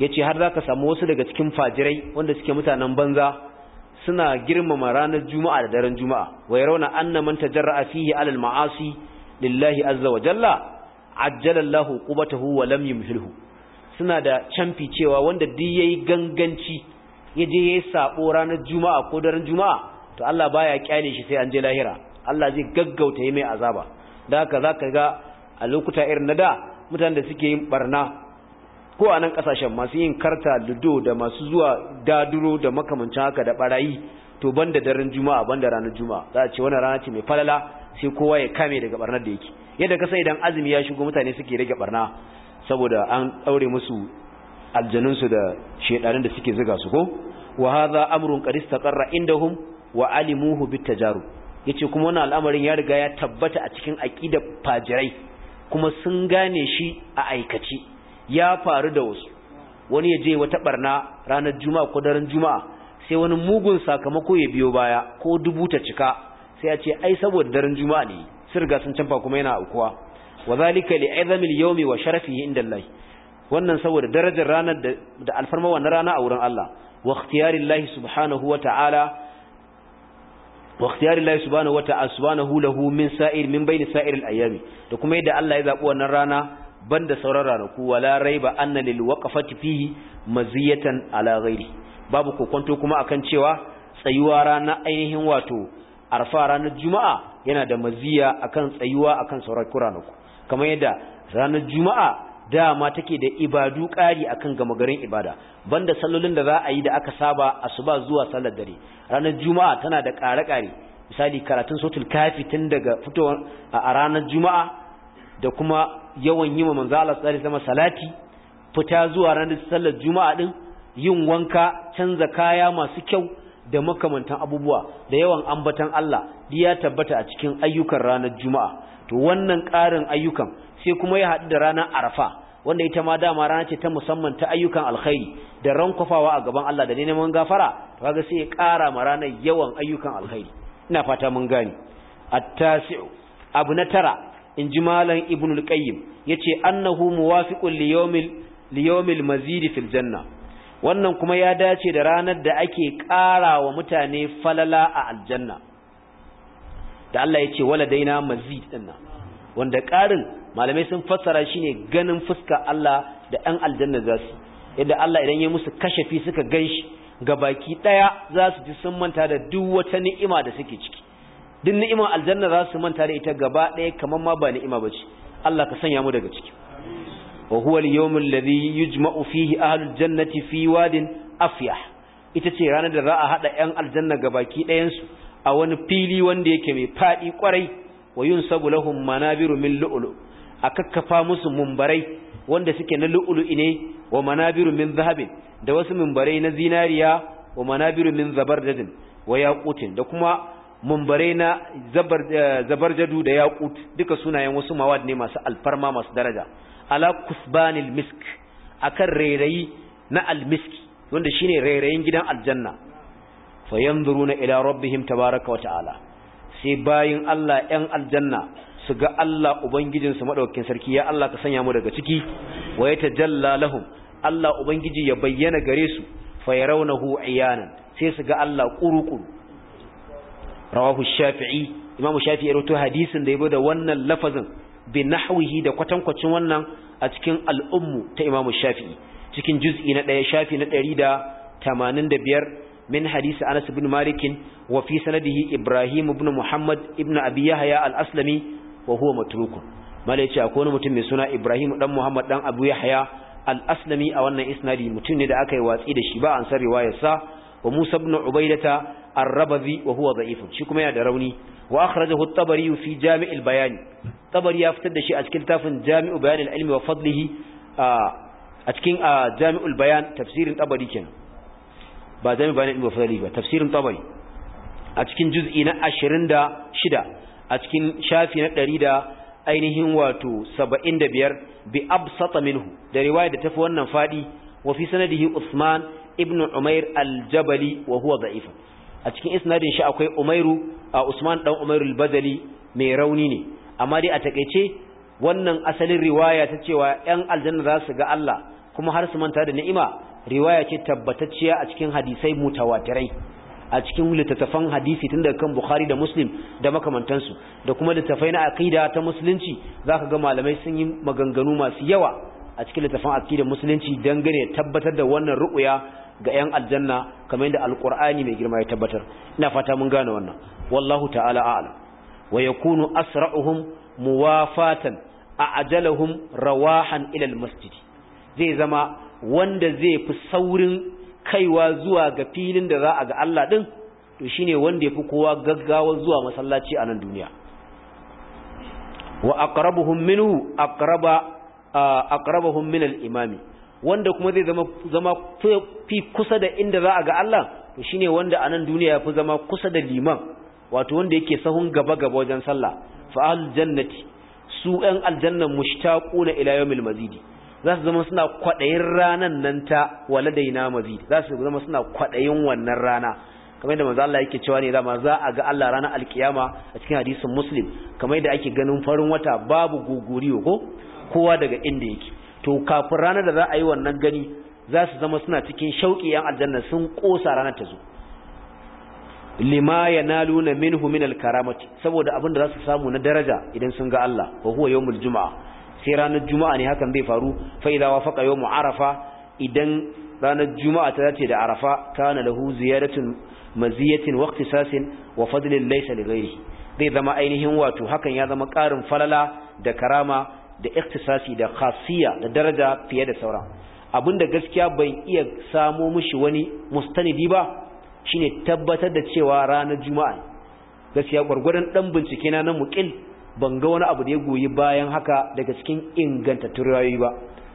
yace har zaka samu wasu daga cikin fajirai wanda suke mutanen banza suna girmama ranar juma'a da daren juma'a wa yarawna anna man tajarra'a fihi alal ma'asi lillahi azza wa jalla ajjalallahu Allahu qubatahu wa lam yumhilhu suna da canfi cewa wanda duk yi ganganci ya je ya yi sabo ranar juma'a ko daren juma'a to Allah baya kyale shi sai an je lahira Allah zai gaggauta yi mai azaba da haka za ka ga a lokuta irin na da mutanen da suke yin barna ko a nan kasashen masu yin karta ludo da masu zuwa daduro da makamancin haka da barayi to ban da daren juma'a ban da ranar juma'a za a ce wani rana mai falala sai kowa ya kame daga barnar da yake yadda kasa idan azumi ya shigo mutane suke rage barna saboda an daure musu aljanunsu da shedarin da suke zuga su ko wa hadha amrun qad istaqarra indahum wa alimuhu bitajarub yace kuma wannan al'amarin ya riga ya tabbata a cikin aqida fajirai kuma sun gane shi a aikaci ya faru da wasu wani ya je wata barna ranar juma'a ko daren juma'a sai wani mugun sakamako ya biyo baya ko dubuta cika sai ya ce ai saboda daren juma'a ne sun riga sun canfa kuma yana aukuwa wa li azamil yawmi wa sharafihi inda Allah wannan saboda darajar ranar da alfarma wannan rana a wurin Allah wa ikhtiyarillahi subhanahu wa ta'ala wa ikhtiyarillahi subhanahu wa ta'ala subhanahu lahu min sa'ir min bayni sa'iril ayami da kuma yadda Allah ya zabi wannan rana banda sauran ranaku wala raiba anna lil waqfati fihi maziyatan ala ghairi babu kokonto kuma akan cewa tsayuwa rana ainihin wato arfa ranar juma'a yana da maziya akan tsayuwa akan sauran ranaku kamar yadda ranar juma'a dama take da ibadu ƙari akan gama garin ibada banda sallolin da za a yi da aka saba asuba zuwa sallar dare ranar juma'a tana da ƙare-ƙare misali karatun sotul kafi tun daga fitowar a ranar juma'a da kuma yawan yi wa manzo Allah sallallahu salati fita zuwa ranar sallar juma'a din yin wanka canza kaya masu kyau da makamantan abubuwa da yawan ambatan Allah ya tabbata a cikin ayyukan ranar juma'a to wannan ƙarin ayyukan sai kuma ya haɗu da ranar arafa wanda ita ma dama rana ce ta musamman ta ayyukan alkhairi da rankwafawa a gaban Allah da neman gafara to kaga sai ya ƙara ma ranar yawan ayyukan alkhairi ina fata mun gane at-tasi'u abu na tara in ji malam ibnul qayyim yace annahu muwafiqun li yawmil li yawmil mazid fil janna wannan kuma ya dace da ranar da ake ƙara wa mutane falala a aljanna da Allah ya ce wala daina mazid dinnan wanda ƙarin malamai sun fassara shi ne ganin fuska Allah da ɗan aljanna za su yadda Allah idan ya musu kashafi suka ganshi ga baki ɗaya za su ji sun manta da duk wata ni'ima da suke ciki duk ni'imar aljanna za su manta da ita gaba ɗaya kamar ma ba ni'ima ba ce Allah ka sanya mu daga ciki wa huwa al-yawm alladhi yujma'u fihi ahlul jannati fi wadin afyah ita ce ranar da za a hada yan aljanna gabaki baki ɗayansu a wani fili wanda yake mai faɗi kwarai wa yunsabu lahum manabiru min lu'lu a kakkafa musu mumbarai wanda suke na lu'lu'i ne wa manabiru min zahabin da wasu mumbarai na zinariya wa manabiru min zabardadin wa yaƙutin, da kuma mumbarai na eh, zabarjadu da yaƙutu duka sunayen wasu mawad ne masu alfarma masu daraja ala kusbanil misk akan rairayi na almiski wanda shine rairayin gidan aljanna fayanzuruna ila rabbihim tabaaraka wa ta'ala sai bayin Allah ɗan aljanna su ga Allah ubangijin su madaukakin sarki ya Allah ka sanya mu daga ciki wa yatajalla lahum Allah ubangiji ya bayyana gare su fayarawnahu iyanan sai su ga Allah kurukuru rawahu shafi'i imamu shafi'i ya rawaito hadisin da yabo da wannan lafazin bi nahwihi da kwatankwacin wannan a cikin al'ummu ta imamu Shafi'i cikin juz'i na ɗaya shafi na ɗari da tamanin biyar, min hadisi Anas ibn Malik wa fi sanadihi Ibrahim ibn Muhammad ibn Abi Yahya al-Aslami wa huwa matruk malai ce akwai mutum mai suna Ibrahim dan Muhammad dan Abu Yahya al-Aslami a wannan isnadi mutum ne da aka yi watsi da shi ba an san riwayarsa wa Musa ibn Ubaidata ar-Rabazi wa huwa da'if shi kuma yana da rauni wa akhrajahu at-tabari fi jami' al-bayan tabari ya fitar da shi a cikin tafin jami'u bayan al-ilmi wa fadlihi a cikin jami'u al-bayan tafsirin tabari kenan ba jami'u bayan al-ilmi wa fadlihi ba tafsirin tabari a cikin juz'i na 26 a cikin shafi na 100 da ainihin wato 75 bi absata minhu da riwaya da tafi wannan fadi wa fi sanadihi Usman ibn Umair al-Jabali wa huwa da'if a cikin isnadin shi akwai Umairu a Usman dan Umairu al-Bazali mai rauni ne amma dai a takeice wannan asalin riwaya ta cewa 'yan aljanna za su ga Allah kuma har su manta da ni'ima riwaya ce tabbatacciya a cikin hadisai mutawatirai a cikin littattafan hadisi tun daga kan Bukhari da Muslim da makamantansu da kuma littattafai na aqida ta musulunci zaka ga malamai sun yi maganganu masu yawa a cikin littattafan aqida musulunci dangane tabbatar da wannan ru'uya. ga 'yan aljanna kamar yadda Alƙur'ani mai girma ya tabbatar ina fata mun gane wannan wallahu ta'ala a'lam wa yakunu asra'uhum muwafatan ajalahum rawahan ilal almasjid zai zama wanda zai fi saurin kaiwa zuwa ga filin da za a ga Allah ɗin, to shine wanda yafi kowa gaggawa zuwa masallaci a nan duniya wa aqrabuhum minhu aqraba aqrabuhum min al-imami wanda kuma zai zama zama fi kusa da inda za a ga Allah to shine wanda a nan duniya fi zama kusa da liman wato wanda yake sahun gaba gaba wajen sallah fa jannati su ɗan aljanna mushtaquna ila yawmil mazidi za su zama suna kwaɗayin ranan nan ta waladaina mazidi za su zama suna kwaɗayin wannan rana kamar yadda manzo Allah yake cewa ne dama za a ga Allah ranar alkiyama a cikin hadisin muslim kamar yadda ake ganin farin wata babu gogoriyo ko kowa daga inda yake to kafin ranar da za a yi wannan gani za su zama suna cikin shauƙi yan aljanna sun ƙosa ranar ta zo lima yanaluna minhu min alkaramati saboda abin da za su samu na daraja idan sun ga Allah wa huwa yawmul juma'a sai ranar juma'a ne hakan zai faru fa idza wafaqa yawmu arafa idan ranar juma'a ta dace da arafa kana lahu ziyaratun maziyatin wa iktisasin wa fadlin laysa li zai zama ainihin wato hakan ya zama ƙarin falala da karama da ikhtisasi da khasiya da daraja fiye da sauran abinda gaskiya ban iya samo mishi wani mustanidi ba shine tabbatar da cewa ranar juma'a gaskiya gurgurdan dan bincike na nan muqil ban ga wani abu da ya goyi bayan haka daga cikin ingantattun rayoyi ba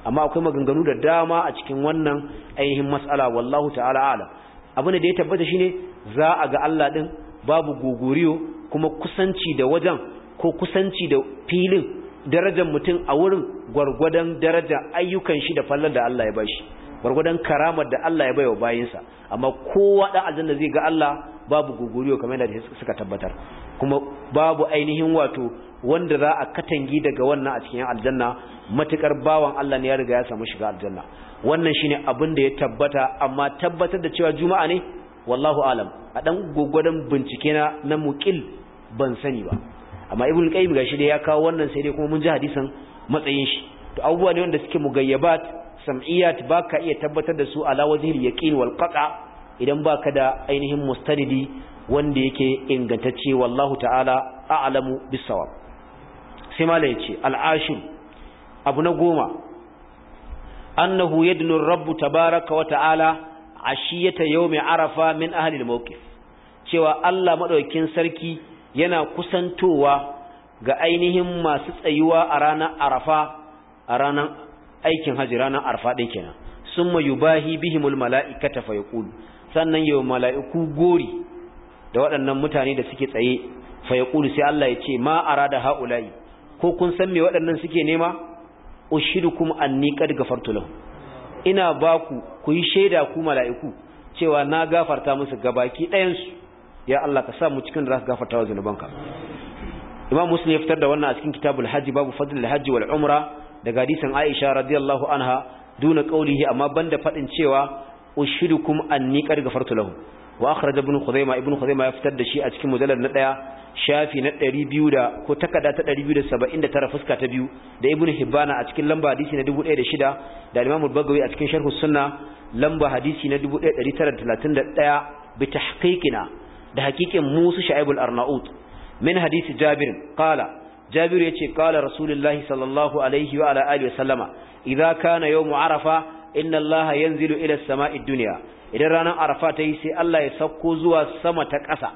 amma akwai maganganu da dama a cikin wannan ainihin mas'ala wallahu ta'ala alam abin da ya tabbata shine za a ga Allah din babu gogoriyo kuma kusanci da wajen ko kusanci da filin darajar mutum a wurin gwargwadon darajar ayyukan shi da fallon da Allah ya bashi gwargwadon karamar da Allah ya bayo bayinsa amma kowa da aljanna zai ga Allah babu guguriyo kamar yadda suka tabbatar kuma babu ainihin wato wanda za a katangi daga wannan a cikin aljanna matukar bawan Allah ne ya riga ya samu shiga aljanna wannan shine abin da ya tabbata amma tabbatar da cewa juma'a ne wallahu alam a dan goggodon bincike na na mukil ban sani ba amma ibn qayyim gashi dai ya kawo wannan sai dai kuma mun ji hadisan matsayin shi to abubuwa ne wanda suke mugayyabat sam'iyat baka iya tabbatar da su ala wajhil yaqin wal qata idan baka da ainihin mustaridi wanda yake ingantacce wallahu ta'ala a'lamu bisawab sai malai yace al'ashir abu na goma annahu yadnu rabbu tabaraka wa ta'ala ashiyata yawmi arafa min ahli al-mawqif cewa Allah madaukakin sarki yana kusantowa ga ainihin masu tsayuwa a ranar arafa a ranar aikin hajji ranar arafa ɗin kenan sun mayu yubahi bihimul mala'ikata ta yaqulu sannan yau mala'iku gori da waɗannan mutane da suke tsaye fa sai Allah ya ce ma da haula'i ko kun san me waɗannan suke nema ushidukum anni qad ghafartu lahum ina baku ku yi shaida ku mala'iku cewa na gafarta musu gabaki ɗayansu ya Allah ka sa mu cikin da zaka gafarta wa zanubanka Imam Muslim ya fitar da wannan a cikin Kitabul Hajj babu fadlul hajji wal umra daga hadisin Aisha radiyallahu anha duna qawlihi amma banda fadin cewa ushidukum anni qad gafartu lahum wa akhraj ibn Khuzaimah ibn Khuzaimah ya fitar da shi a cikin mujallad na daya shafi na 200 da ko takada ta 279 fuska ta biyu da ibn Hibbana a cikin lamba hadisi na 1006 da Imam al-Bagawi a cikin sharh sunna lamba hadisi na 1931 bi tahqiqina da hakikin musu sha'ibul arnaut min hadisi jabir qala jabir yace qala rasulullahi sallallahu alaihi wa ala alihi wa idza kana yawm arafa inna allaha yanzilu ila as-sama'i dunya idan ranar arafa ta yi sai Allah ya sauko zuwa sama ta ƙasa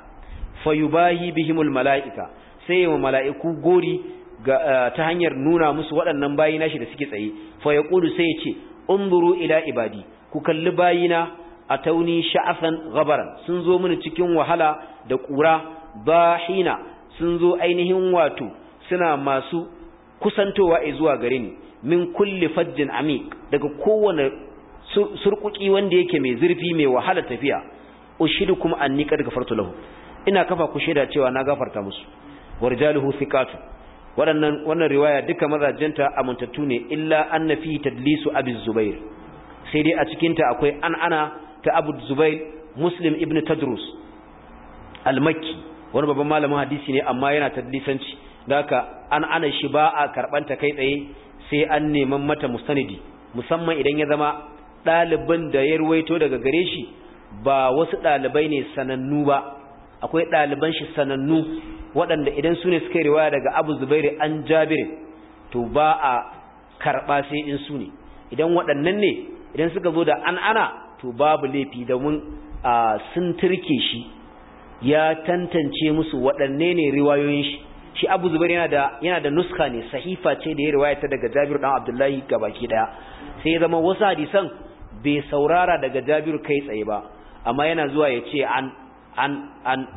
fayubahi bihimul mala'ika sai yawa mala'iku gori eh, ta hanyar nuna musu waɗannan bayi nashi da suke tsaye fa ya ƙudu sai ya ce unzuru ila ibadi ku kalli bayina atauni sha'afan ghabaran sun zo mini cikin wahala da kura bahina sun zo ainihin wato suna masu kusantowa zuwa gare ni min kulli fajjin amik daga kowane surkuki wanda yake mai zurfi mai wahala tafiya ushidukum anni qad ghafartu lahu ina kafa ku sheda cewa na gafarta musu warjaluhu thiqatu waɗannan wannan riwaya duka mazajenta amintattu ne illa anna fi tadlisu abi zubair sai dai a cikin ta akwai an ana ta abu zubail muslim ibn tadrus al-makki wani babban malamin hadisi ne amma yana tadlisanci da an ana shi ba a ta kai tsaye sai an neman mata mustanidi musamman idan ya zama ɗaliban da ya ruwaito daga gare shi ba wasu ɗalibai ne sanannu ba akwai ɗaliban shi sanannu waɗanda idan su ne suka yi riwaya daga abu zubairu an jabirin to ba a karɓa sai in su ne idan waɗannan ne idan suka zo da an ana to babu laifi domin sun turke shi ya tantance musu waɗanne ne riwayoyin shi shi abu zubair yana da yana da nuska ne sahifa ce da ya riwayata daga jabir dan abdullahi gabaki daya sai ya zama wasu hadisan bai saurara daga jabir kai tsaye ba amma yana zuwa ya ce an an an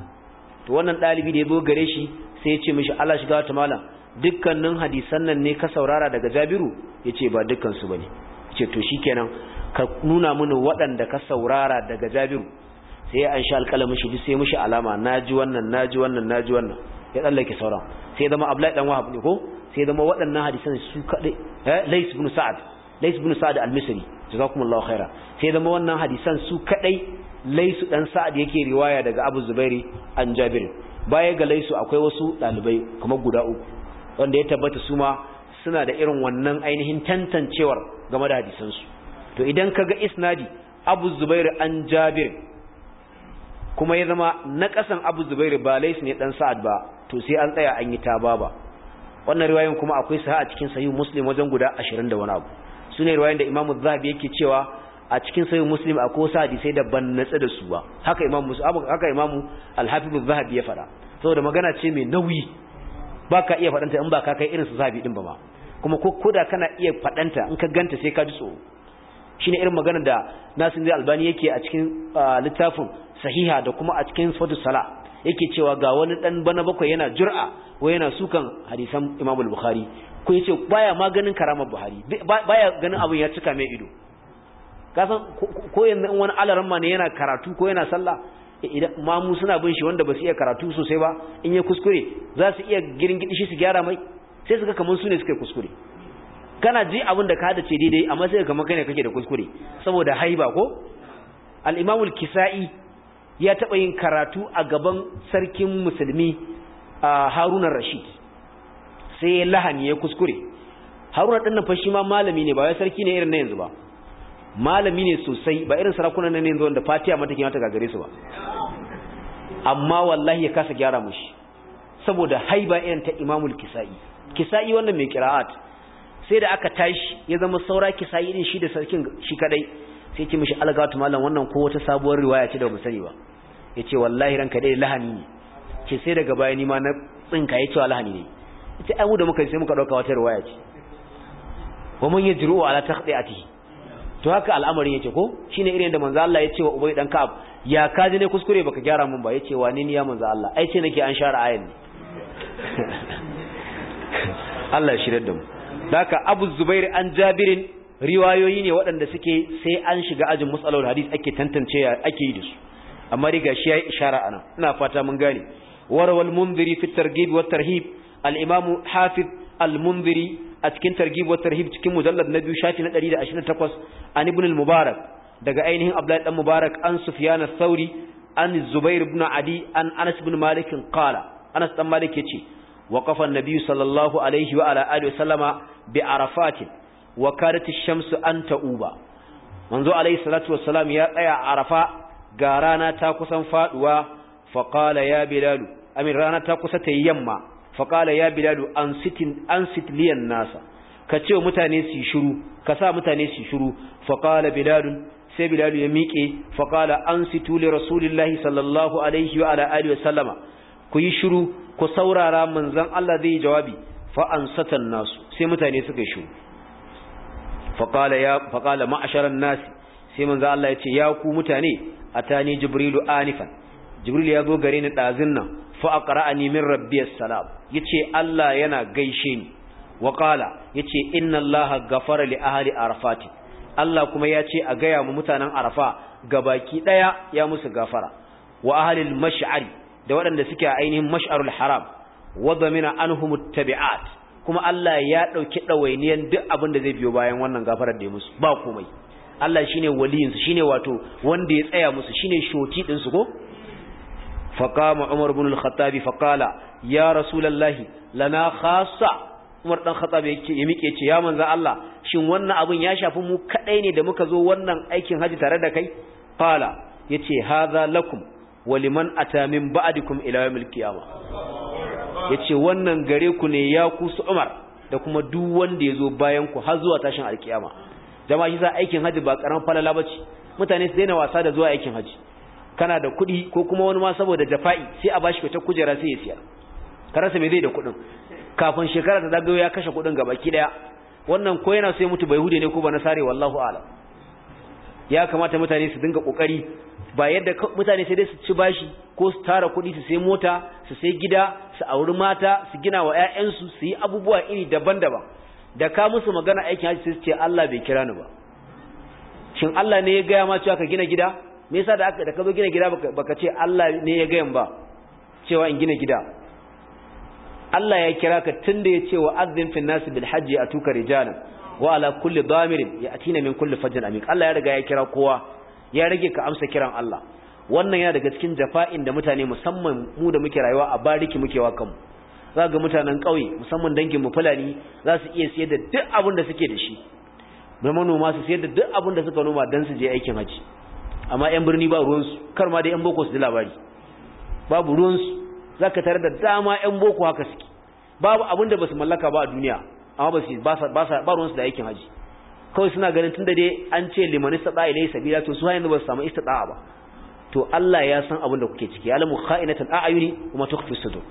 to wannan dalibi da ya zo gare shi sai ya ce mishi Allah shiga wata malam dukkanin hadisan nan ne ka saurara daga jabiru ya ce ba su ba ne ce to shikenan ka nuna mini waɗanda ka saurara daga jabiru sai ya anshi alƙalamin shi sai mishi alama na ji wannan na ji wannan na ji wannan ya tsallake sauran sai zama abdullahi laɗin wahab ne ko sai zama waɗannan hadisan su kaɗai eh, lais bin sa'ad lais bin sa'ad al-misri jazakumullahu khaira sai zama wannan hadisan su kaɗai laisu dan sa'ad yake riwaya daga abu zubairi an jabir baya ga laisu akwai wasu dalibai kamar guda uku wanda ya tabbata su ma suna da irin wannan ainihin tantancewar game da hadisansu to idan ka ga isnadi abu zubairu an jabir kuma ya zama na ƙasan abu zubairu ba laisu ne dan sa'ad ba to sai an tsaya an yi baba. wannan riwayoyin kuma akwai sa a cikin sahih muslim wajen guda 20 da wani abu sune riwayoyin da imamu zahabi yake cewa a cikin sahih muslim akwai wasu hadisai da ban natsa da su ba haka imamu haka imamu al-hafiz zahabi ya faɗa saboda magana ce mai nauyi baka iya faɗanta in ba ka kai irin su zahabi din ba ma kuma ko koda kana iya faɗanta in ka ganta sai ka ji tsoro shine irin magana da zai Albani yake a cikin littafin Sahiha da kuma a cikin sautu sala yake cewa ga wani dan bana bakwai yana jur'a ko yana sukan hadisan Imam Bukhari ko ce baya ma ganin karamar Buhari baya ganin abin ya cika mai ido kasan ko yanzu wani alaran ma ne yana karatu ko yana sallah e, idan mamu suna bin shi wanda ba su iya karatu sosai ba in ya kuskure za su iya girgidi shi su gyara mai sai suka ga kamar su ne suka kuskure kana ji abin da ka dace ce daidai amma sai kamar kai ne kake da kuskure saboda haiba ko al imamul kisai ya taba yin karatu a gaban sarkin musulmi haruna rashid sai lahani ya kuskure haruna din nan fa shi ma malami ne ba wai sarki ne irin na yanzu ba malami ne sosai ba irin sarakunan na ne yanzu wanda fatiya mata kiyama gagare su ba amma wallahi ya kasa gyara mushi saboda haiba irin ta imamul kisa'i kisa'i wannan mai qira'at sai da aka tashi ya zama saura kisayi din shi da sarkin shi kadai sai ce mishi algatu mallan wannan ko wata sabuwar riwaya ce da mu sani ba yace wallahi ranka dai lahani ne ce sai daga baya ni ma na tsinka yace wa lahani ne yace ai mu da muka sai muka dauka wata riwaya ce wa man yajru ala taqdiatihi to haka al'amarin yace ko shine irin da manzo Allah yace wa ubay dan ka'ab ya kaji ne kuskure baka gyara mun ba yace wa ni ne ya manzo Allah ai ce nake an share ayin Allah ya shirye da mu daka abu Zubairu an jabirin riwayoyi ne waɗanda suke sai an shiga ajin matsalar hadis ake tantance ake yi da su amma riga shi ya yi ishara ana ina fata mun gane warwal mundiri fi targhib wa tarhib al-imamu hafiz al-mundiri a cikin targhib wa tarhib cikin mujallad na biyu shafi na 128 an ibn al-mubarak daga ainihin abdullahi dan mubarak an sufyan Sa'uri, thauri an zubair ibn adi an anas ibn malik qala anas dan malik yace وقف النبي صلى الله عليه وعلى آله وسلم بعرفات وكادت الشمس أن تؤوب منذ عليه الصلاة والسلام يا أيا عرفة قارانا تاكسا فاتوا فقال يا بلال أمين رانا تاكسا تيما فقال يا بلال أنست, أنست لي الناس كتيو متانيسي شروع كسا متانيسي شروع فقال بلال sai bilal ya miƙe faƙala an situ li rasulillahi sallallahu alaihi wa ala alihi wa sallama ku yi shiru ku saurara manzon Allah zai jawabi fa ansatan nasu sai mutane suka yi shiru fa ma'asharar ya ma'asharan nasi sai manzon Allah ya ce ya ku mutane a atani jibrilu anifan jibril ya zo gare ni dazin nan fa aqra'ani min rabbiyas salam yace Allah yana gaishe ni wa ya yace inna Allah ghafara li ahli arafati Allah kuma ya ce a gaya mu mutanen arafa ga baki ɗaya ya musu gafara wa ahlil mash'ari da waɗanda suke a ainihin mash'arul haram wadda mina anhum tabi'at kuma Allah ya ɗauki ɗawainiyan duk abin da zai biyo bayan wannan gafarar da ya musu ba komai Allah shine waliyin shi ne wato wanda ya tsaya musu shine shoti ɗinsu ko faqama Umar bin al-Khattab faqala ya rasulullahi lana khassa Umar dan Khattab ya mike ce ya manzo Allah shin wannan abun ya shafi mu kadai ne da muka zo wannan aikin haji tare da kai fala yace hadha lakum waliman ata min ba'dikum ila yawmil Ya ce wannan gare ku ne ya ku su Umar da kuma duk wanda zo bayan ku har zuwa tashin alkiyama jama'a shi za aikin hajji ba karan falala ba ce mutane su daina wasa da zuwa aikin hajji. kana da kuɗi ko kuma wani ma saboda jafa'i sai a bashi wata kujera sai ya siya karasa me zai da kuɗin kafin shekara ta zagayo ya kashe kuɗin gabaki daya wannan ko yana so ya mutu bai hude ne ko ba sare wallahu a'lam ya kamata mutane su dinga kokari ba yadda mutane sai dai su ci bashi ko su tara kuɗi su sai mota su sai gida su auri mata su gina wa 'ya'yansu su yi abubuwa iri daban-daban da ka musu magana aikin haji sai su ce Allah bai kira ni ba shin Allah ne ya gaya ma cewa ka gina gida me yasa da aka ka zo gina gida baka ce Allah ne ya gaya ba cewa in gina gida Allah ya kira ka tunda ya ce wa azzin fil nas bil hajji atuka rijalan wa ala kulli damirin atina min kulli fajrin Amin. Allah ya riga ya kira kowa ya rage ka amsa kiran Allah wannan yana daga cikin jafa'in da mutane musamman mu da muke rayuwa a bariki muke wa kanmu za ga mutanen ƙauye musamman dangin mu fulani za su iya siyar da duk abin da suke da shi mai manoma su siyar da duk abin da suka noma don su je aikin haji amma yan birni ba ruwansu kar ma da yan boko su ji labari babu ruwansu za ka tare da dama yan boko haka suke babu abin da ba su mallaka ba a duniya amma ba su ba su da aikin haji kawai suna ganin tunda dai an ce limani istata ilai sabila to su yanzu ba su samu istata ba to Allah ya san abin da kuke ciki alamu kha'inatul a'yuni kuma tukhfi sudur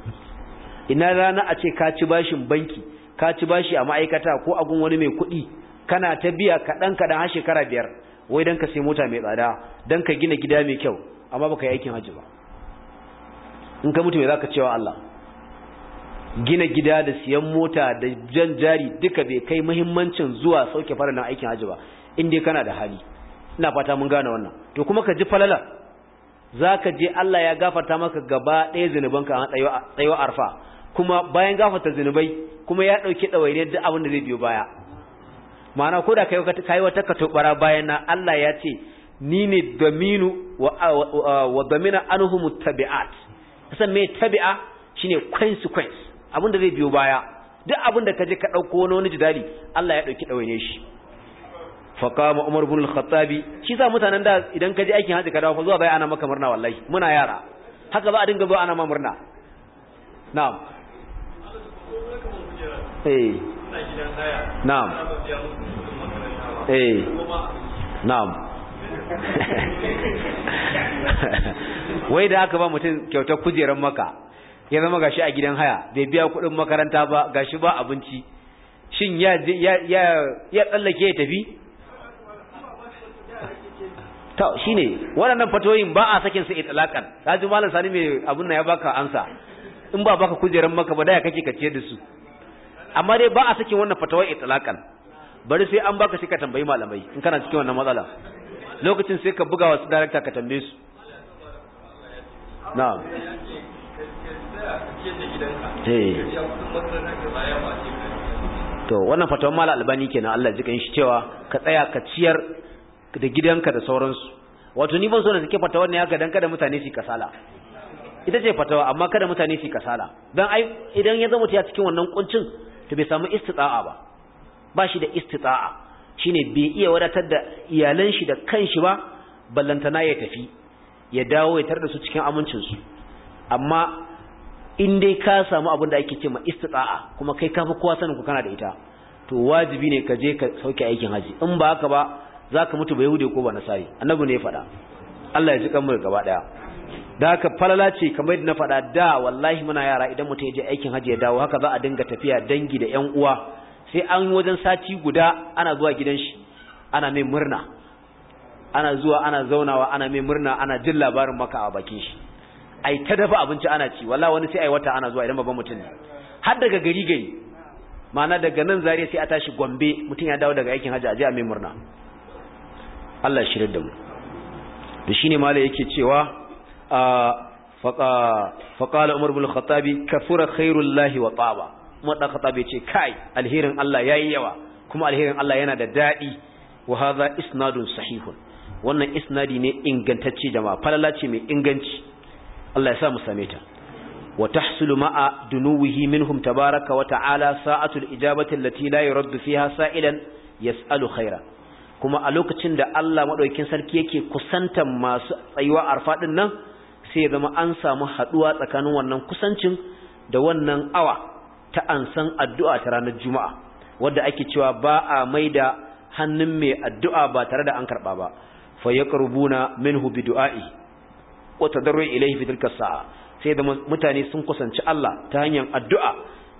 ina rana a ce ka ci bashin banki ka ci bashi a ma'aikata ko a gun wani mai kuɗi kana ta biya kaɗan kaɗan har shekara biyar wai don ka sai mota mai tsada don ka gina gida mai kyau amma baka yi aikin hajji ba in ka mutu mai za ka cewa Allah gina gida da siyan mota da jan jari duka bai kai muhimmancin zuwa sauke fara nan aikin hajji ba in dai kana da hali ina fata mun gane wannan to kuma ka ji falala zaka je Allah ya gafarta maka gaba ɗaya zinubanka a tsayuwa arfa kuma bayan gafarta zinubai kuma ya ɗauki ɗawainiyar duk abin da zai biyo baya ma'ana ko da kai wata ka tobara bayan na Allah ya ce ni ne daminu wa wa damina anhum mutabi'at kasan me tabi'a shine consequence abin da zai biyo baya duk abin da ka je ka ɗauko wani wani jidali Allah ya ɗauki ɗawaine shi faqama umar ibn al khattabi shi sa mutanen da idan ka je aikin haji ka dawo fa zuwa bai ana maka murna wallahi muna yara haka ba a dinga zuwa ana ma murna na'am eh na'am eh na'am wai da aka ba mutum kyautar kujerar maka ya zama gashi a gidan haya bai biya kuɗin makaranta ba gashi ba abinci shin ya ya tsallake ya tafi ta shine waɗannan fatoyin ba a sakin su itlaqan kaji malam sani mai abun nan ya baka ansa in ba baka kujeran maka ba da ya kake ka ciyar da su amma dai ba a sakin wannan fatawar itlaqan bari sai an baka shi ka tambayi malamai in kana cikin wannan matsala lokacin sai ka buga wasu director ka tambaye su na'am Eh. to wannan fatawar mala albani kenan Allah ji kan shi cewa ka tsaya ka ciyar da gidanka da sauransu wato ni ban so na take fatawan ne haka dan kada mutane su kasala ita ce fatawa amma kada mutane su kasala dan ai idan ya zama ta cikin wannan kuncin to bai samu istita'a ba ba shi da istita'a shine bai iya wadatar da iyalan shi da kanshi ba ballantana ya tafi ya dawo ya tarda su cikin amincin su amma in dai ka samu abin da ake cewa istita'a kuma kai kafi kowa sanin ku kana da ita to wajibi ne ka je ka sauke aikin haji in ba haka ba za ka mutu ba yahude ko ba nasari annabi ne ya faɗa Allah ya ji mu gaba daya da haka falala ce kamar yadda na faɗa da wallahi muna yara idan mutum ya je aikin haji ya dawo haka za a dinga tafiya dangi da 'yan uwa sai an wajen sati guda ana zuwa gidan shi ana mai murna ana zuwa ana zaunawa ana mai murna ana jin labarin maka a bakin shi ai ta dafa abinci ana ci wala wani sai ai wata ana zuwa idan babban mutum ne har daga gari gari ma'ana daga nan zariya sai a tashi gombe mutum ya dawo daga aikin hajji a je a mai murna Allah shirin da mu da shine mala yake cewa a faqala umar bin khattabi kafura khairul lahi wa tsaba Umar da khattabi ce kai alherin Allah yayi yawa kuma alherin Allah yana da daɗi wa hadha isnadun sahihun wannan isnadi ne ingantacce jama'a falala ce mai inganci Allah ya sa mu same ta wa tahsulu ma'a dunuwihi minhum tabaraka wa ta'ala sa'atul ijabati allati la yuraddu fiha sa'ilan yas'alu khaira kuma a lokacin da Allah madaukakin sarki yake kusantan masu tsayuwa arfa nan sai ya zama an samu haduwa tsakanin wannan kusancin da wannan awa ta ansan addu'a ta ranar juma'a wanda ake cewa ba a maida hannun mai addu'a ba tare da an karba ba fa yaqrubuna minhu bi du'a'i Wata tadarru ilayhi fi tilka sa'a sai da mutane sun kusanci Allah ta hanyar addu'a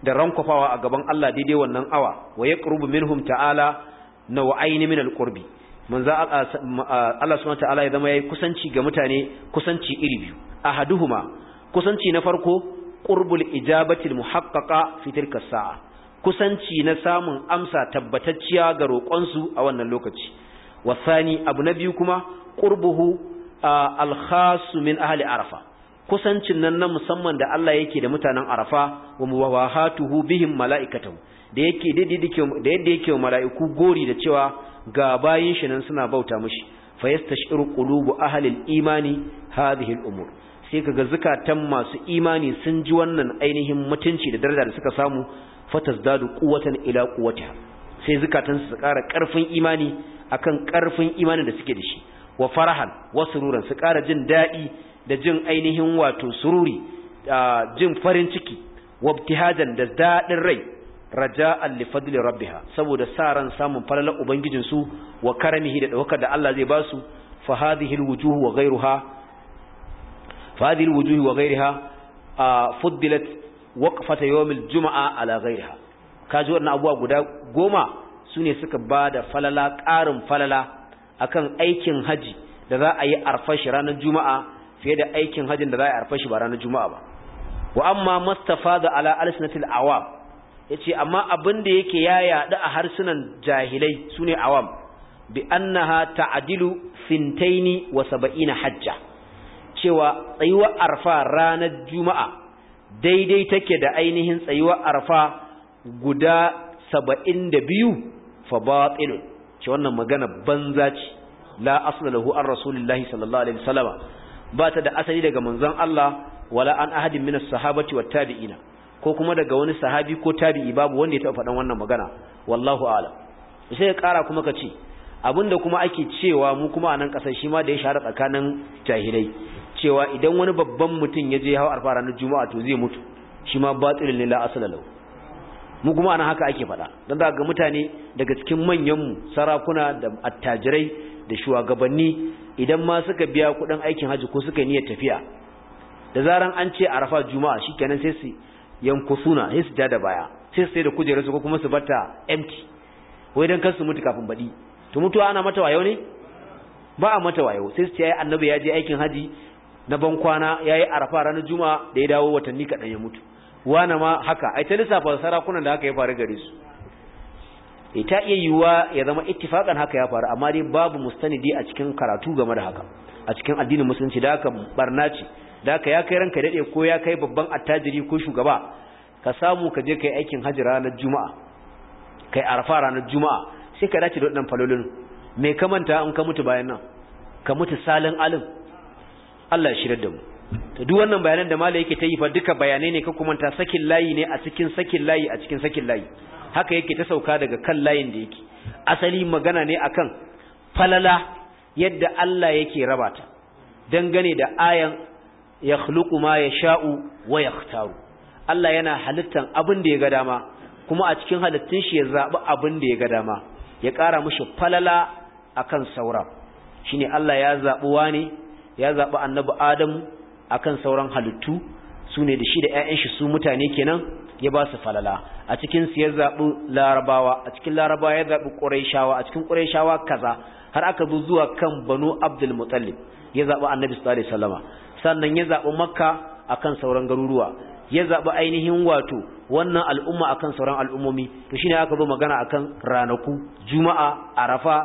da rankwafawa a gaban Allah daidai wannan awa wa yaqrubu minhum ta'ala naw'ain min alqurbi manzo Allah subhanahu ta'ala ya zama yayi kusanci ga mutane kusanci iri biyu ahaduhuma kusanci na farko qurbul ijabati almuhaqqaqa fi tilka sa'a kusanci na samun amsa tabbatacciya ga roƙonsu a wannan lokaci wasani abu na biyu kuma qurbuhu alkhasu min ahli arafa kusancin nan na musamman da Allah yake da mutanen arafa wa muwahatuhu bihim malaikatu da yake da yadda yake wa mala'iku gori da cewa ga bayin shi nan suna bauta mishi fayastashiru qulubu ahli al-imani hadhihi al-umur sai kaga zakatan masu imani sun ji wannan ainihin mutunci da daraja da suka samu fatazdadu quwwatan ila quwwatiha sai zakatan su kara ƙarfin imani akan ƙarfin imanin da suke da shi wa farahan wa sururan su ƙara jin daɗi da jin ainihin wato sururi jin farin ciki wa ibtihajan da daɗin rai raja'an li fadli rabbiha saboda sa ran samun falalar ubangijin su wa karamihi da daukar da Allah zai ba su fa hadhihi alwujuh wa ghayruha fa hadhihi alwujuh wa ghayriha fuddilat waqfata yawm aljumaa ala ghayriha kaji wannan abuwa guda goma sune suka bada falala ƙarin falala akan aikin haji da za a yi arfashi ranar juma'a fiye da aikin hajin da za a yi arfashi ba ranar juma'a ba wa amma mustafa da ala alsinatil awam yace amma abin da yake ya yaɗu a harsunan jahilai sune awam bi annaha ta'dilu sintaini wa sab'ina hajja cewa tsayuwar arfa ranar juma'a daidai take da ainihin tsayuwar arfa guda saba'in da biyu fa batilun ce wannan magana banza ce la asla an rasulillahi sallallahu alaihi wasallama ba ta da asali daga manzon Allah wala an ahadin min as-sahabati wat tabi'ina ko kuma daga wani sahabi ko tabi'i babu wanda ya taɓa faɗan wannan magana wallahu a'lam sai ya ƙara kuma ka ce abinda kuma ake cewa mu kuma a nan ƙasar shi ma da ya shahara tsakanin jahilai cewa idan wani babban mutum ya je hawa arfa ranar juma'a to zai mutu shi ma batilin ne la asala mu kuma ana haka ake faɗa don da ga mutane daga cikin manyanmu sarakuna da attajirai da shugabanni idan ma suka biya kuɗin aikin hajji ko suka niyyar tafiya da zaran an ce arafa juma'a shikenan sai su suna, sai su da baya sai su da kujerarsu ko kuma su bata empty wai dan kansu mutu kafin baɗi to mutuwa ana mata wayo ne ba a mata wayo sai su ce annabi ya je aikin hajji na ban kwana yayi arafa ranar juma'a da ya dawo watanni kaɗan ya mutu wane ma haka ai ta lissafa sarakunan da haka ya faru gare su ita eh, iya yiwuwa ya zama ittifakan haka ya faru amma dai babu mustanidi a cikin karatu game da haka a cikin addinin musulunci da haka barna ce da haka ya kai ranka dade ko ya kai babban attajiri ko shugaba ka samu ka je kai aikin hajji ranar juma'a kai arafa ranar juma'a sai ka dace da wadannan falolin me ka in ka mutu bayan nan ka mutu salin alim Allah ya shirar da mu to duk wannan bayanan da malai yake ta yi fa duka bayanai ne ka kuma ta sakin layi ne a cikin sakin layi a cikin sakin layi haka yake ta sauka daga kan layin da yake asali magana ne akan falala yadda Allah yake raba ta dangane da ayan yakhluqu ma yasha'u wa yakhtaru Allah yana halittan abin da ya ga dama kuma a cikin halittun shi ya zabi abin da ya ga dama ya kara mishi falala akan saura shine Allah ya zabi wani ya zabi annabi Adamu akan sauran halittu su ne da shi da 'ya'yan shi su mutane kenan ya ba su falala a cikin su ya zaɓi larabawa a cikin larabawa ya zaɓi shawa a cikin shawa kaza har aka zo zuwa kan banu abdul mutallib ya zaɓi annabi sallallahu alaihi sannan ya zaɓi makka akan sauran garuruwa ya zaɓi ainihin wato wannan al'umma akan sauran al'ummomi to shine aka zo magana akan ranaku juma'a arafa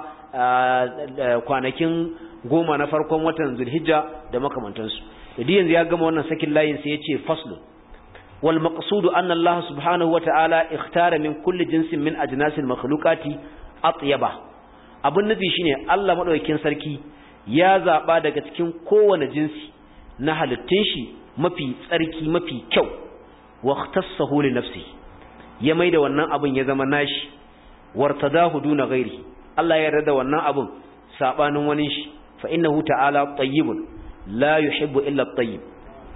kwanakin goma na farkon watan zulhijja da makamantansu da yanzu ya gama wannan sakin layin sai ce faslu wal maqsudu anna Allah subhanahu wa ta'ala ikhtara min kulli jinsin min ajnasil makhluqati atyaba abun nufi shine Allah madaukakin sarki ya zaba daga cikin kowane jinsi na halittun shi mafi tsarki mafi kyau wa ikhtassahu li nafsi ya maida wannan abun ya zama nashi wartadahu duna ghairi Allah ya yarda da wannan abun sabanin wani shi fa innahu ta'ala tayyibun la yuhibbu illa at-tayyib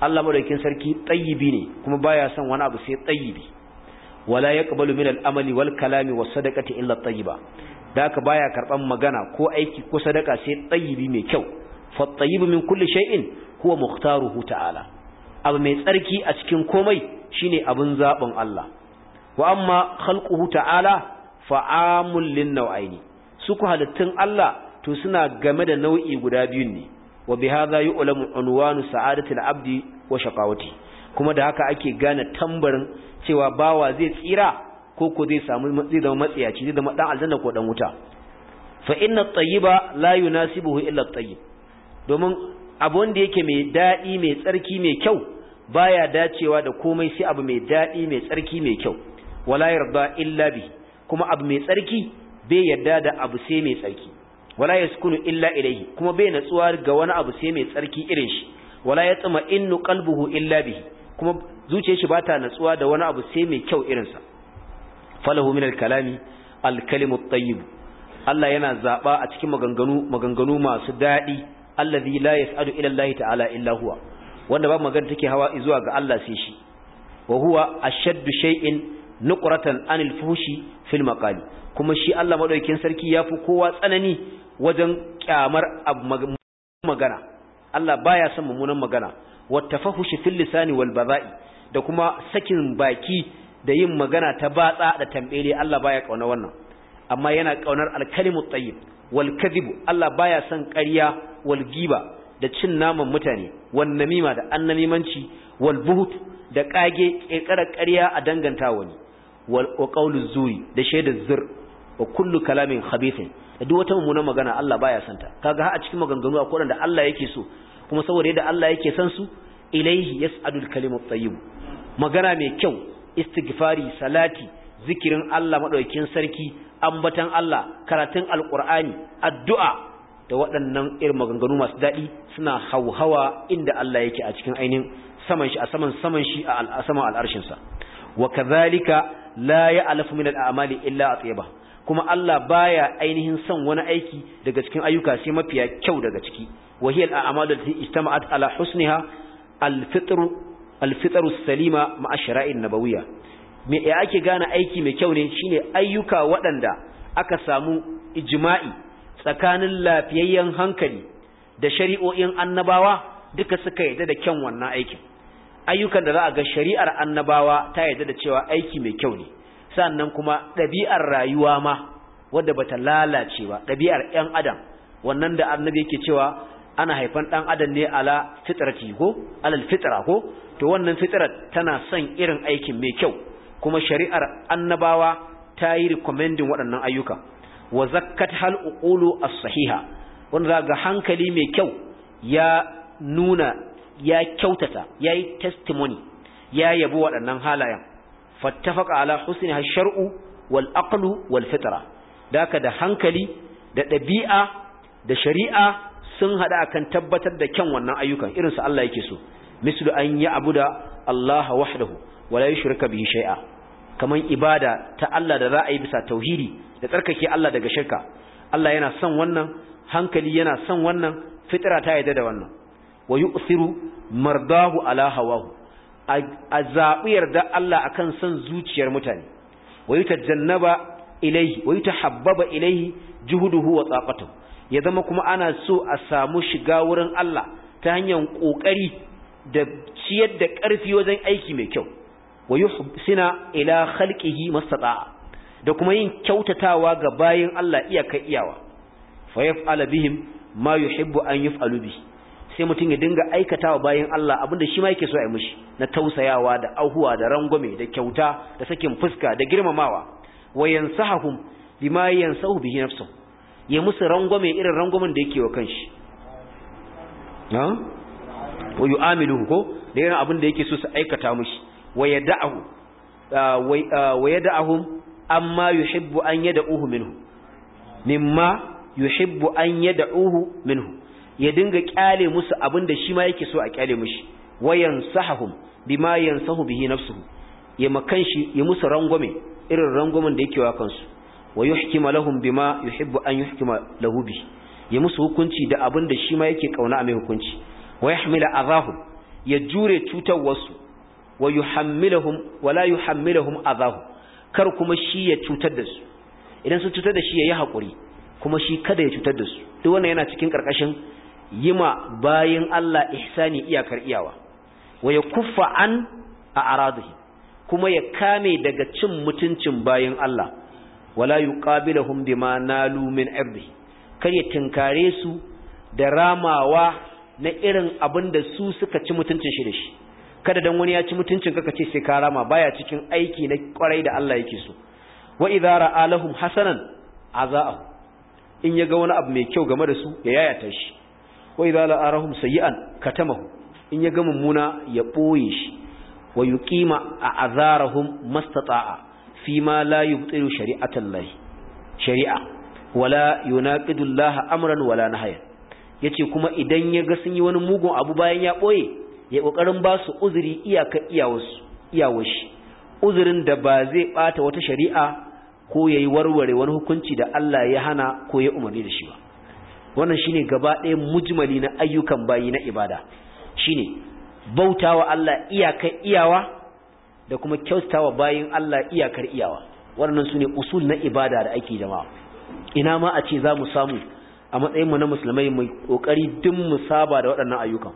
Allah madaukin sarki tayyibi ne kuma baya son wani abu sai tayyibi wala yaqbalu min al-amali wal kalami was sadaqati illa at-tayyiba ka baya karban magana ko aiki ko sadaka sai tayyibi mai kyau fa at-tayyibu min kulli shay'in huwa mukhtaruhu ta'ala abu mai tsarki a cikin komai shine abun zaben Allah wa amma khalquhu ta'ala fa'amul lin naw'aini su ku halittun Allah to suna game da nau'i guda biyun ne wa bihadha yu'lamu unwanu sa'adatil abdi wa shaqawati kuma da haka ake gane tambarin cewa bawa zai tsira ko ko zai samu zai zama matsiyaci zai zama dan aljanna ko dan wuta fa inna at-tayyiba la yunasibuhu illa at-tayyib domin abu wanda yake mai dadi mai tsarki mai kyau baya dacewa da komai sai abu mai dadi mai tsarki mai kyau wala yarda illa bi kuma abu mai tsarki bai yarda da abu sai mai tsarki wala yaskunu illa ilayhi kuma bai natsuwa ga wani abu sai mai tsarki irin shi wala ya yatma innu qalbuhu illa bihi kuma zuciyar shi bata natsuwa da wani abu sai mai kyau irin sa falahu min al-kalami al-kalimu at-tayyib Allah yana zaba a cikin maganganu maganganu masu dadi allazi la yas'adu ila Allah ta'ala illa huwa wanda ba magana take hawa zuwa ga Allah sai shi wa huwa ashaddu shay'in nuqratan anil fushi fil maqali kuma shi Allah madaukin sarki ya fi kowa tsanani wajen kyamar magana Allah baya son mummunan magana wattafahushi fil lisani wal baza'i da kuma sakin baki da yin magana ta batsa da tambele Allah baya kauna wannan amma yana kaunar alkalimut tayyib wal kadhib Allah baya son ƙarya wal giba da cin naman mutane wan namima da annamimanci wal buhut da kage kekara ƙarya a danganta wani wal qawlu zuri da shaidar zur wa kullu kalamin khabith duk wata mummunan magana Allah baya son ta kaga har a cikin maganganu akwai wanda Allah yake so kuma saboda yadda Allah yake son su ilaihi yas'adul kalimatu tayyib magana mai kyau istighfari salati zikirin Allah madaukakin sarki ambatan Allah karatun alqur'ani addu'a da waɗannan irin maganganu masu daɗi suna hauhawa inda Allah yake a cikin ainihin saman shi a saman saman shi a saman al'arshinsa wa kadhalika la ya'lafu min al'amali illa atiyaba kuma Allah baya ainihin son wani aiki daga cikin ayyuka sai mafiya kyau daga ciki wahiyal a'malu allati ijtama'at ala husniha al-fitr al-fitr salima ma'a shara'in nabawiyya me ya ake gane aiki mai kyau ne shine ayyuka waɗanda aka samu ijma'i tsakanin lafiyayyen hankali da shari'o'in annabawa duka suka yarda da kyan wannan aikin ayyukan da za a ga shari'ar annabawa ta yarda da cewa aiki mai kyau ne sannan kuma ɗabi'ar rayuwa ma wadda bata lalace ba ɗabi'ar 'yan adam wannan da annabi yake cewa ana haifan ɗan adam ne ala fitar ko alal fitara ko to wannan fitrar tana son irin aikin mai kyau kuma shari'ar annabawa ta yi rikomendin waɗannan ayyuka wa zakkat hal a as-sahiha wanda ga hankali mai kyau ya nuna ya kyautata yayi testimony ya yabi waɗannan halayen fattafaqa ala husniha sharu wal aqlu wal fitra daka da hankali da dabi'a da shari'a sun hada akan tabbatar da kyan wannan ayyukan irin su Allah yake so mislu an abuda Allah wahdahu wa la yushrika bihi shay'a kaman ibada ta Allah da ra'ayi bisa tauhidi da tsarkake Allah daga shirka Allah yana son wannan hankali yana son wannan fitra ta yarda da wannan wa yu'siru mardahu ala hawahu a zaɓi yarda Allah akan son zuciyar mutane wa yutajannaba ilaihi wa habbaba ilaihi juhuduhu wa tsafatu ya zama kuma ana so a samu shiga wurin Allah ta hanyar ƙoƙari da ciyar da ƙarfi wajen aiki mai kyau wa suna ila masu mastata'a da kuma yin kyautatawa ga bayan Allah iya kai iyawa fa yaf'ala bihim ma yuhibbu an yaf'alu bihi sai mutum ya dinga aikatawa bayan Allah abinda shi ma yake so a yi mishi na tausayawa da auhuwa da rangwame da kyauta da sakin fuska da girmamawa wa yansahum bima yansahu bihi nafsu ya musu rangwame irin rangwamen da yake wa kanshi ha wa yu'amiluhu ko da yana abin da yake so su aikata mishi wa yada'ahu wa yada'ahum amma yuhibbu an yada'uhu minhu mimma yuhibbu an yada'uhu minhu ya dinga kyale musu abin da shi ma yake so a kyale mushi wayan sahahum bima yansahu bihi nafsuhu ya makanshi shi ya musu rangwame irin rangwamen da yake wa kansu wa yuhkima lahum bima yuhibbu an yuhkima lahu bi ya musu hukunci da abin da shi ma yake kauna a mai hukunci wa yahmila azahum ya jure cutar wasu wa yuhammilahum wa la yuhammilahum azahum kar kuma shi ya cutar da su idan sun cutar da shi ya yi haƙuri kuma shi kada ya cutar da su duk wannan yana cikin ƙarƙashin yima bayin Allah ihsani iyakar iyawa wa ya kuffa an a araduhi kuma ya kame daga cin mutuncin bayin Allah wala yuqabiluhum bima nalu min ardi kar ya tinkare su da ramawa na irin abin da su suka ci mutuncin shi da shi kada dan wani ya ci mutuncin kaka ce sai ka rama baya cikin aiki na kwarai da Allah yake so wa idza ra'alahum hasanan aza'ahu in ga wani abu mai kyau game da su ya yayata shi wa idza Sayi an katamahu in ya ga mummuna ya boye shi wa yuqima a'zarahum mastata'a fi ma la yubtiru shari'atallahi shari'a wala yunaqidu Allah amran wala nahya yace kuma idan ya ga sun yi wani mugun abu bayan ya boye ya kokarin ba su uzuri iyaka iyawansu iyawashi uzurin da ba zai bata wata shari'a ko yayi warware wani hukunci da Allah ya hana ko ya umarni da shi ba wannan shine gaba ɗaya mujmali na ayyukan bayi na ibada shine bautawa Allah iyaka iyawa da kuma kyautawa bayin Allah iyakar iyawa wannan sune usul na ibada da ake jama'a ina ma a ce za mu samu a matsayin mu na musulmai mai kokari duk mu saba da waɗannan ayyukan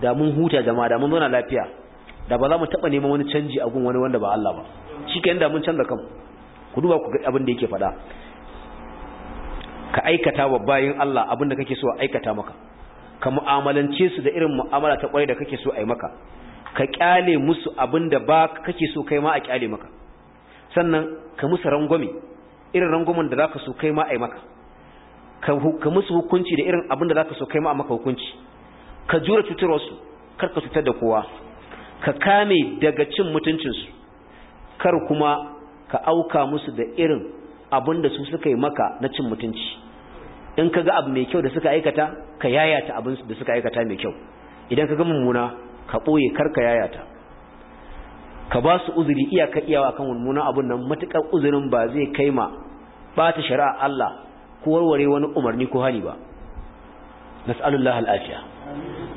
da mun huta jama'a da mun zauna lafiya da ba za mu taɓa neman wani canji a gun wani wanda ba Allah ba shi da mun canza kanmu ku duba ku ga abin da yake faɗa ka aikata wa bayin Allah abinda kake so a aikata maka ka mu'amalance su da irin mu'amala ta kwarai da kake so a yi maka ka kyale musu abinda ba kake so kai ma a kyale maka sannan ka musu rangwame irin rangwamen da zaka so kai ma a yi maka ka musu hukunci da irin abinda zaka so kai ma a maka hukunci ka jura cutar su kar ka cutar da kowa ka kame daga cin mutuncin su kar kuma ka auka musu da irin abinda su suka yi maka na cin mutunci in ka ga abu mai kyau da suka aikata ka yayata abin da suka aikata mai kyau idan ka ga mummuna ka ɓoye kar ka yayata ka ba su uzuri iyaka iyawa kan mummuna abun nan matuƙar uzurin ba zai kai ma ɓata shari'a Allah ko warware wani umarni ko hali ba nas'alullahi al'afiya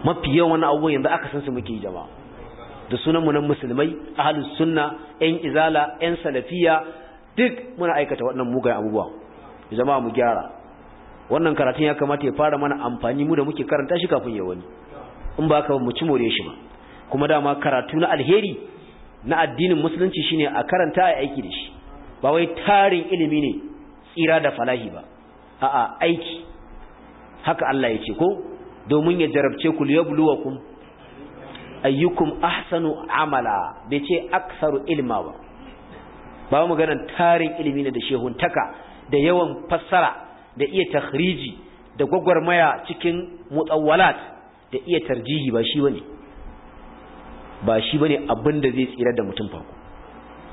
mafi yawan wani abubuwan yanzu aka san su muke jama'a da sunan mu nan musulmai ahlus sunna yan izala yan salafiya duk muna aikata waɗannan mugayen abubuwa zama mu gyara wannan karatun ya kamata ya fara mana amfani mu da muke karanta shi kafin ya wani in ba ka mu ci more shi ba kuma dama karatu na alheri na addinin musulunci shine a karanta a aiki da shi ba wai tarin ilimi ne tsira da falahi ba a'a aiki haka Allah ya ce ko domin ya jarabce ku liyabluwakum ayyukum ahsanu amala bai ce aksaru ilma ba ba magana tarin ilimi ne da shehuntaka da yawan fassara da iya takhriji da gwagwarmaya cikin mutawwalat da iya tarjihi ba shi bane ba shi bane abin da zai tsira da mutum farko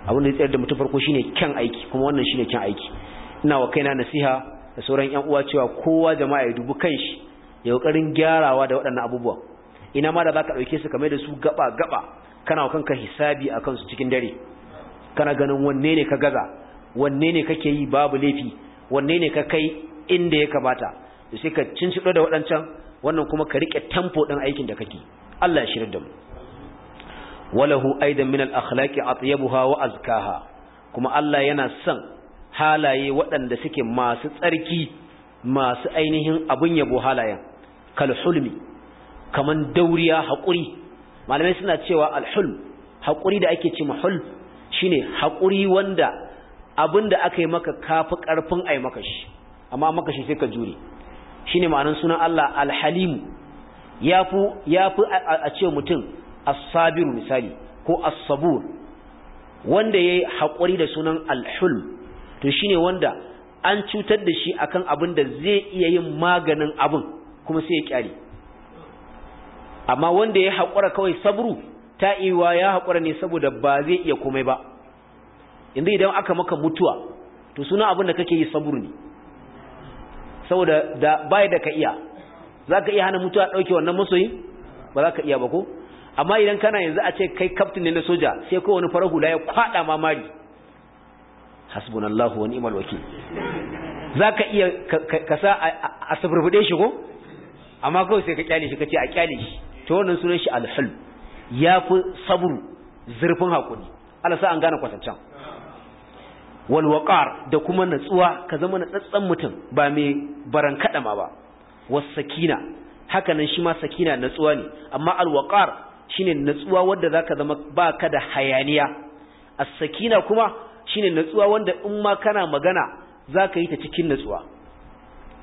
abin da zai tsira da mutum farko shine kyan aiki kuma wannan shine kyan aiki ina wa kaina nasiha da sauran yan uwa cewa kowa jama'a ya dubu kanshi ya kokarin gyarawa da waɗannan abubuwa ina ma da zaka dauke su kamar da su gaba gaba kana wa kanka hisabi akan su cikin dare kana ganin wanne ne ka gaza wanne ne kake yi babu laifi wanne ne ka kai inda ya kamata da sai ka cincido da waɗancan wannan kuma ka rike tempo ɗin aikin da kake Allah ya shirar da mu walahu aidan min al-akhlaqi atyabuha wa azkaha kuma Allah yana son halaye waɗanda suke masu tsarki masu ainihin abun yabo halayen kal hulmi kaman dauriya haƙuri malamai suna cewa al-hulm haƙuri da ake ce hulm shine haƙuri wanda abinda aka yi maka kafi ƙarfin a yi maka shi amma maka shi sai ka jure shine ma'anar sunan Allah alhalimu ya fi a ce mutum as-sabiru misali ko as-sabur wanda yayi hakuri da sunan Al-Hulm. to shine wanda an cutar da shi akan abin da zai iya yin maganin abin kuma sai ya kyale amma wanda ya hakura kawai sabru ta iwa ya haƙura ne saboda ba zai iya komai ba inda idan aka maka mutuwa to suna abin da kake yi sabur ne saboda da bai da ka iya za ka iya hana mutuwa ɗauke wannan masoyi ba za ka iya ba ko amma idan kana yanzu a ce kai kaftin ne na soja sai ko wani farar hula ya kwaɗa mamari hasbunallahu wani ni'mal wakil za ka iya ka sa a safirfide shi ko amma kawai sai ka kyale shi ka ce a kyale shi ta wannan sunan shi alhul ya fi sabru zurfin haƙuri alasa an gane kwatancan walwaƙar da kuma natsuwa ka zama na tsatsan mutum ba mai baran kaɗa ma ba sakina hakanan shi ma sakina natsuwa ne amma alwaƙar ne natsuwa wadda ka zama ba ka da hayaniya A sakina kuma shi ne natsuwa wanda in ma kana magana za ka yi ta cikin natsuwa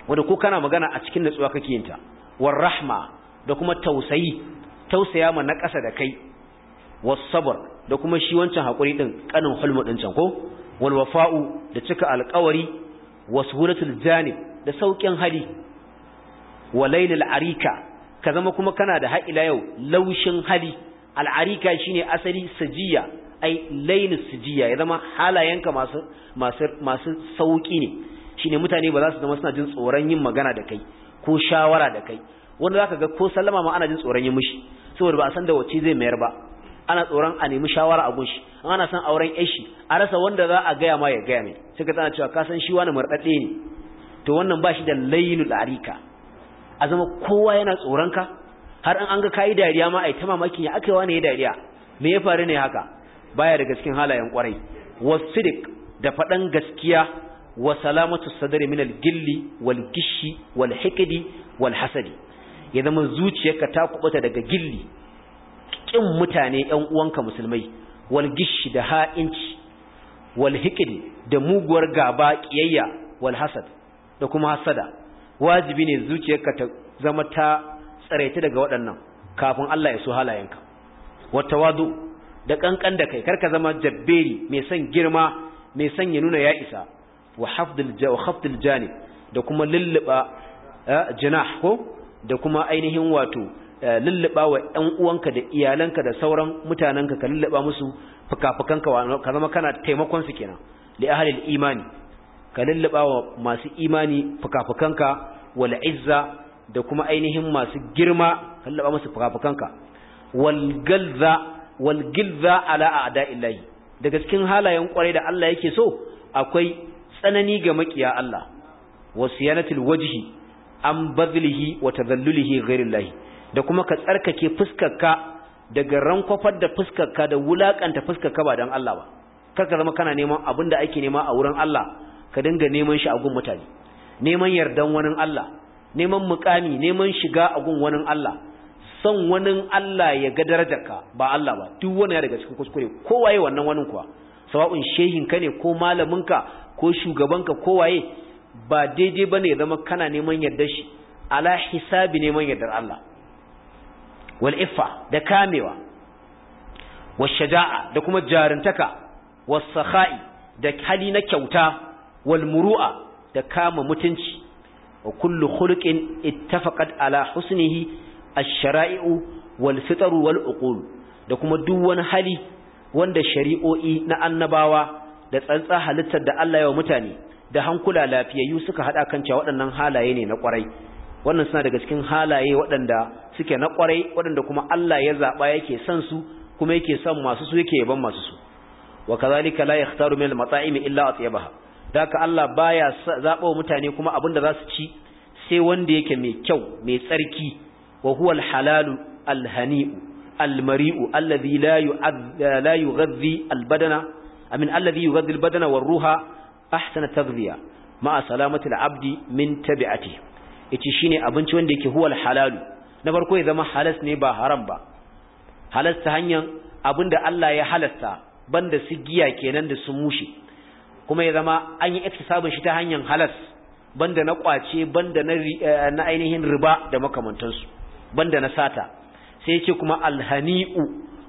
wadda ko kana magana a cikin natsuwa kake yin ta war rahma da kuma tausayi tausaya ma na ƙasa da kai wasabar da kuma shi wancan haƙuri ɗin ƙanin hulmu ɗin can ko wal wafa'u da cika alƙawari wasuhulatul janib da sauƙin hali wa arika ka zama kuma kana da haƙila yau laushin hali al'arika shine asali sajiya ai lailus sajiya ya zama halayenka masu masu masu sauƙi ne shine mutane ba za su zama suna jin tsoron yin magana da kai ko shawara da kai wanda zaka ga ko sallama ma ana jin tsoron yi mishi saboda ba a san da wacce zai mayar ba ana tsoron a nemi shawara a gunshi ana san auren yashi a rasa wanda za a gaya ma ya gaya mai ka tsana cewa ka san shi wani murɗaɗɗe ne to wannan ba shi da laylul arika a zama kowa yana tsoron ka har in an ga kayi dariya ma ai ta mamakin ya aka yi wani ya dariya me ya faru ne haka baya daga cikin halayen kwarai wasidik da faɗan gaskiya wa salamatu sadari min al-gilli wal gishi wal hikidi wal hasadi ya zama zuciyarka ta kubuta daga gilli kin mutane ƴan uwanka musulmai wal gishi da ha'inci wal hikid da muguwar gaba kiyayya wal hasad da kuma hasada wajibi ne zuciyarka ta zama ta tsaraita daga waɗannan kafin Allah ya so halayenka wata wadu da kankan da kai karka zama jabberi mai son girma mai son ya nuna ya isa wa hafdul janib da kuma lulluba eh, jinah ko da kuma ainihin wato eh, lullaba wa ɗan uwanka da iyalanka da sauran mutanenka ka lulluba musu fukafukanka ka zama kana taimakon su kenan li ahlil imani ka lullaba wa masu imani fukafukanka wal izza da kuma ainihin masu girma ka lulluba musu fukafukanka wal galza wal gilza ala illahi. daga cikin halayen kwarai da Allah yake so akwai tsanani ga makiya Allah wasu wasiyanatul wajihi. an bazlihi wa tadhallulihi ghairillahi da kuma ka tsarkake fuskarka daga rankwafar da fuskarka da wulakanta fuskarka ba dan Allah ba karka zama kana neman abin da ake nema a wurin Allah ka dinga neman shi a gun mutane neman yardan wani Allah neman mukami neman shiga a gun wani Allah son wani Allah ya ga darajarka ba Allah ba duk wani ya daga cikin kuskure kowaye wannan wani kuwa sawa'un shehin ka ne ko malamin ka ko shugabanka ka kowaye ba daidai ne ya zama kana neman yardar shi ala hisabi neman yardar Allah wal iffa da kamewa wa shaja'a da kuma jarintaka was sakha'i da hali na kyauta wal muru'a da kama mutunci wa kullu khuluqin ittafaqat ala husnihi ash-shara'i'u wal fitaru wal uqul da kuma duk wani hali wanda shari'o'i na annabawa da tsantsa halittar da Allah ya wa mutane da hankula lafiyayyu suka hada kan cewa waɗannan halaye ne na kwarai wannan suna daga cikin halaye waɗanda suke na kwarai waɗanda kuma Allah ya zaba yake son su kuma yake son masu su yake yaban masu su wa kazalika la yakhtaru min al-mata'imi illa atyabaha daka Allah baya zaba mutane kuma da za su ci sai wanda yake mai kyau mai tsarki wa huwa al-halalu al-hani'u al-mari'u alladhi la la yughadhi al-badana amin alladhi yughadhi al-badana war-ruha ahsana taghziya ma salamatul abdi min tabi'ati yace shine abinci wanda yake huwal halalu na farko ya zama halas ne ba haram ba halas ta hanyar abinda Allah ya halasta banda su giya kenan da su mushi. kuma ya zama an yi iktisabin shi ta hanyar halas banda na kwace banda na eh, na ainihin riba da makamantansu banda na sata sai yace kuma alhani'u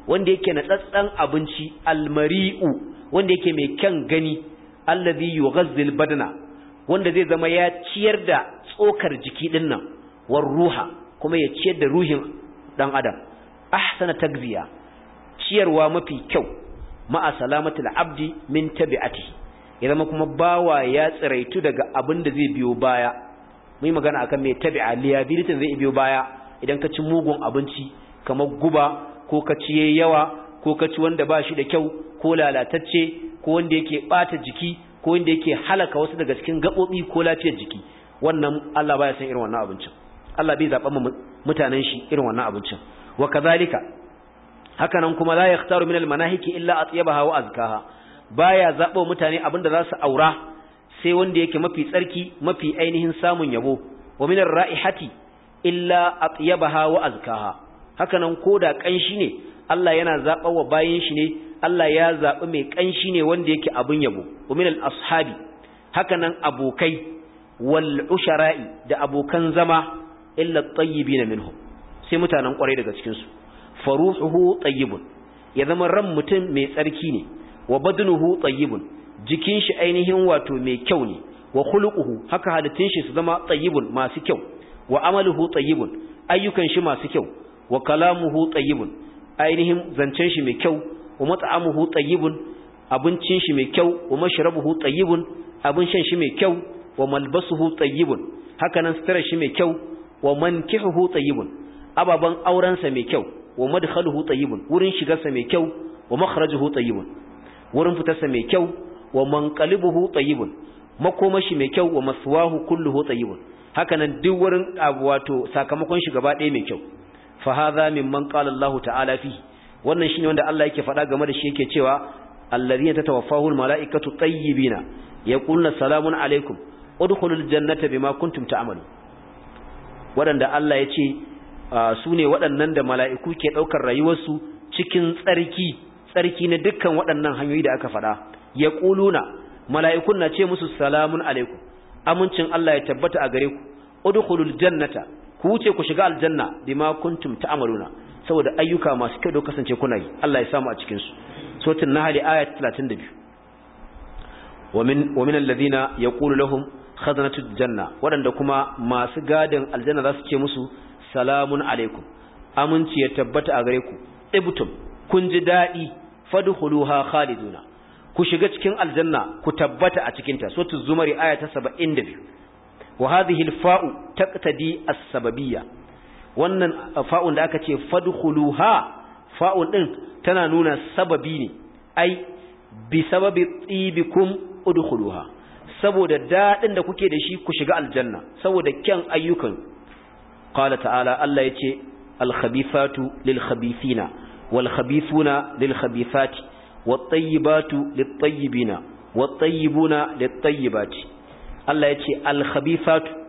wanda yake na tsatsan abinci almari'u wanda yake mai kyan gani allazi yughazzil albadana wanda zai zama ya ciyar da tsokar jiki din nan war ruha kuma ya ciyar da ruhin dan adam ahsana tagziya ciyarwa mafi kyau ma'a salamatul abdi min tabi'ati ya zama kuma bawa ya tsiraitu daga abin da zai biyo baya mun magana akan mai tabi'a liability zai biyo baya idan ka ci mugun abinci kamar guba ko ka ci yawa ko ka ci wanda ba shi da kyau ko lalatacce ko wanda yake bata jiki ko wanda yake halaka wasu daga cikin gabobi ko lafiyar jiki wannan Allah baya san irin wannan abincin Allah bai zaba mutanen shi irin wannan abincin wa kazalika haka nan kuma la yakhtaru min manahiki illa atyabaha wa azkaha baya zabo mutane abinda za su aura sai wanda yake mafi tsarki mafi ainihin samun yabo wa min arraihati illa atyabaha wa azkaha haka nan koda kanshi ne Allah yana zaɓa wa bayin shi ne Allah ya zaɓi mai ƙanshi ne wanda yake abin yabo umin al-ashabi hakanan abokai wal ushara'i da abokan zama illa tayyibina minhu, sai mutanen kwarai daga cikinsu. su tsayyibun tayyibun ya zama ran mutum mai tsarki ne wa badnuhu tayyibun jikin shi ainihin wato mai kyau ne wa khuluquhu haka halittun shi su zama tayyibun masu kyau wa amaluhu tayyibun ayyukan shi masu kyau wa kalamuhu tayyibun ainihin zancen shi mai kyau wa mat'amuhu tayyibun abincin shi mai kyau wa mashrabuhu tayyibun abin shan shi mai kyau wa malbasuhu tayyibun haka nan sutura shi mai kyau wa mankihuhu tayyibun ababan aurensa mai kyau wa madkhaluhu tayyibun wurin shigarsa mai kyau wa makhrajuhu tayyibun wurin fitarsa mai kyau wa manqalibuhu makoma shi mai kyau wa maswahu kulluhu tayyibun haka nan duk wurin wato sakamakon shi gaba ɗaya mai kyau fa hadha mimman qala Allah ta'ala fihi wannan shine wanda Allah yake faɗa game da shi yake cewa alladhina tatawaffahu malaikatu tayyibina yaquluna salamun alaikum udkhulul jannata bima kuntum ta'malu waɗanda Allah ya ce su ne waɗannan da mala'iku ke ɗaukar rayuwarsu cikin tsarki tsarki na dukkan waɗannan hanyoyi da aka faɗa ya ƙuluna mala'ikun na ce musu salamun alaikum amincin Allah ya tabbata a gare ku udkhulul jannata ku wuce ku shiga aljanna bima kuntum ta'maluna saboda ayyuka masu kyau da kasance kuna yi Allah ya samu a cikin su suratul nahl ayat 32 wa min alladhina yaqulu lahum khazanatul janna wadanda kuma masu gadin aljanna za su ce musu salamun alaikum aminci ya tabbata a gare ku ibtum kun ji dadi fadkhuluha khaliduna ku shiga cikin aljanna ku tabbata a cikin ta suratul zumar ayat 72 wa hadhihi alfa'u taqtadi as-sababiyya wannan fa'un da aka ce fadhuluha fa'un ɗin tana nuna sababi ne ai bi sababi tsibikum udkhuluha saboda daɗin da kuke da shi ku shiga aljanna saboda kyan ayyukan qala ta'ala Allah yace al-khabithatu lil-khabithina wal-khabithuna lil-khabithati wat Allah yace al-khabithatu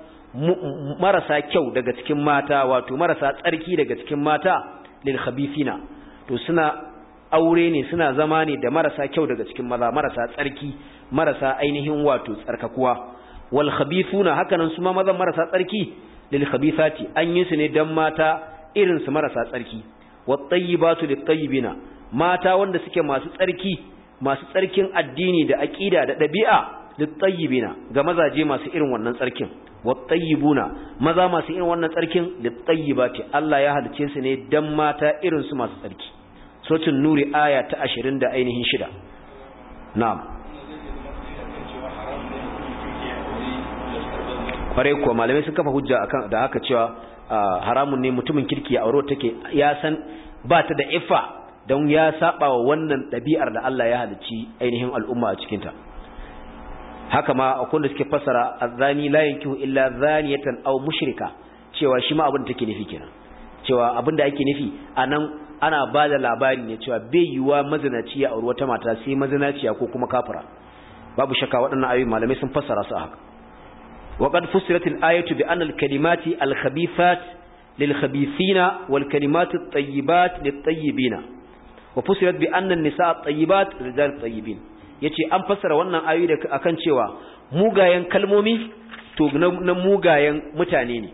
marasa kyau daga cikin mata wato marasa tsarki daga cikin mata lil khabithina to suna aure ne suna zama ne da marasa kyau daga cikin maza marasa tsarki marasa ainihin wato tsarkakuwa wal khabithuna hakanan su ma mazan marasa tsarki lil khabithati an yi su ne dan mata irin su marasa tsarki wat tayyibatu lit tayyibina mata wanda suke masu tsarki masu tsarkin addini da aqida da dabi'a littayyibina ga mazaje masu irin wannan tsarkin wattayyibuna maza masu irin wannan tsarkin littayyibati Allah ya halice su ne dan mata irin su masu tsarki suratul nuri aya ta 20 da ainihin shida na'am kware kuwa malamai sun kafa hujja akan da haka cewa haramun ne mutumin kirki ya aure take ya san ba ta da ifa don ya saba wa wannan ɗabi'ar da Allah ya halicci ainihin al'umma a cikinta haka ma akwai da suke fasara azani la yankihu illa zaniyatan aw mushrika cewa shi ma abin da take nufi kenan cewa abin da ake nufi anan ana ba da labari ne cewa bai yiwa mazinaci ya auri wata mata sai mazinaciya ko kuma kafira babu shakka waɗannan ayoyi malamai sun fasara su haka wa qad fussilat al-ayatu bi anna al-kalimati al-khabithat lil-khabithina wal-kalimatu at-tayyibat lit-tayyibina wa bi anna an-nisaa at-tayyibat rijal at-tayyibin yace an fassara wannan ayoyi da akan cewa mugayen kalmomi to na mugayen mutane ne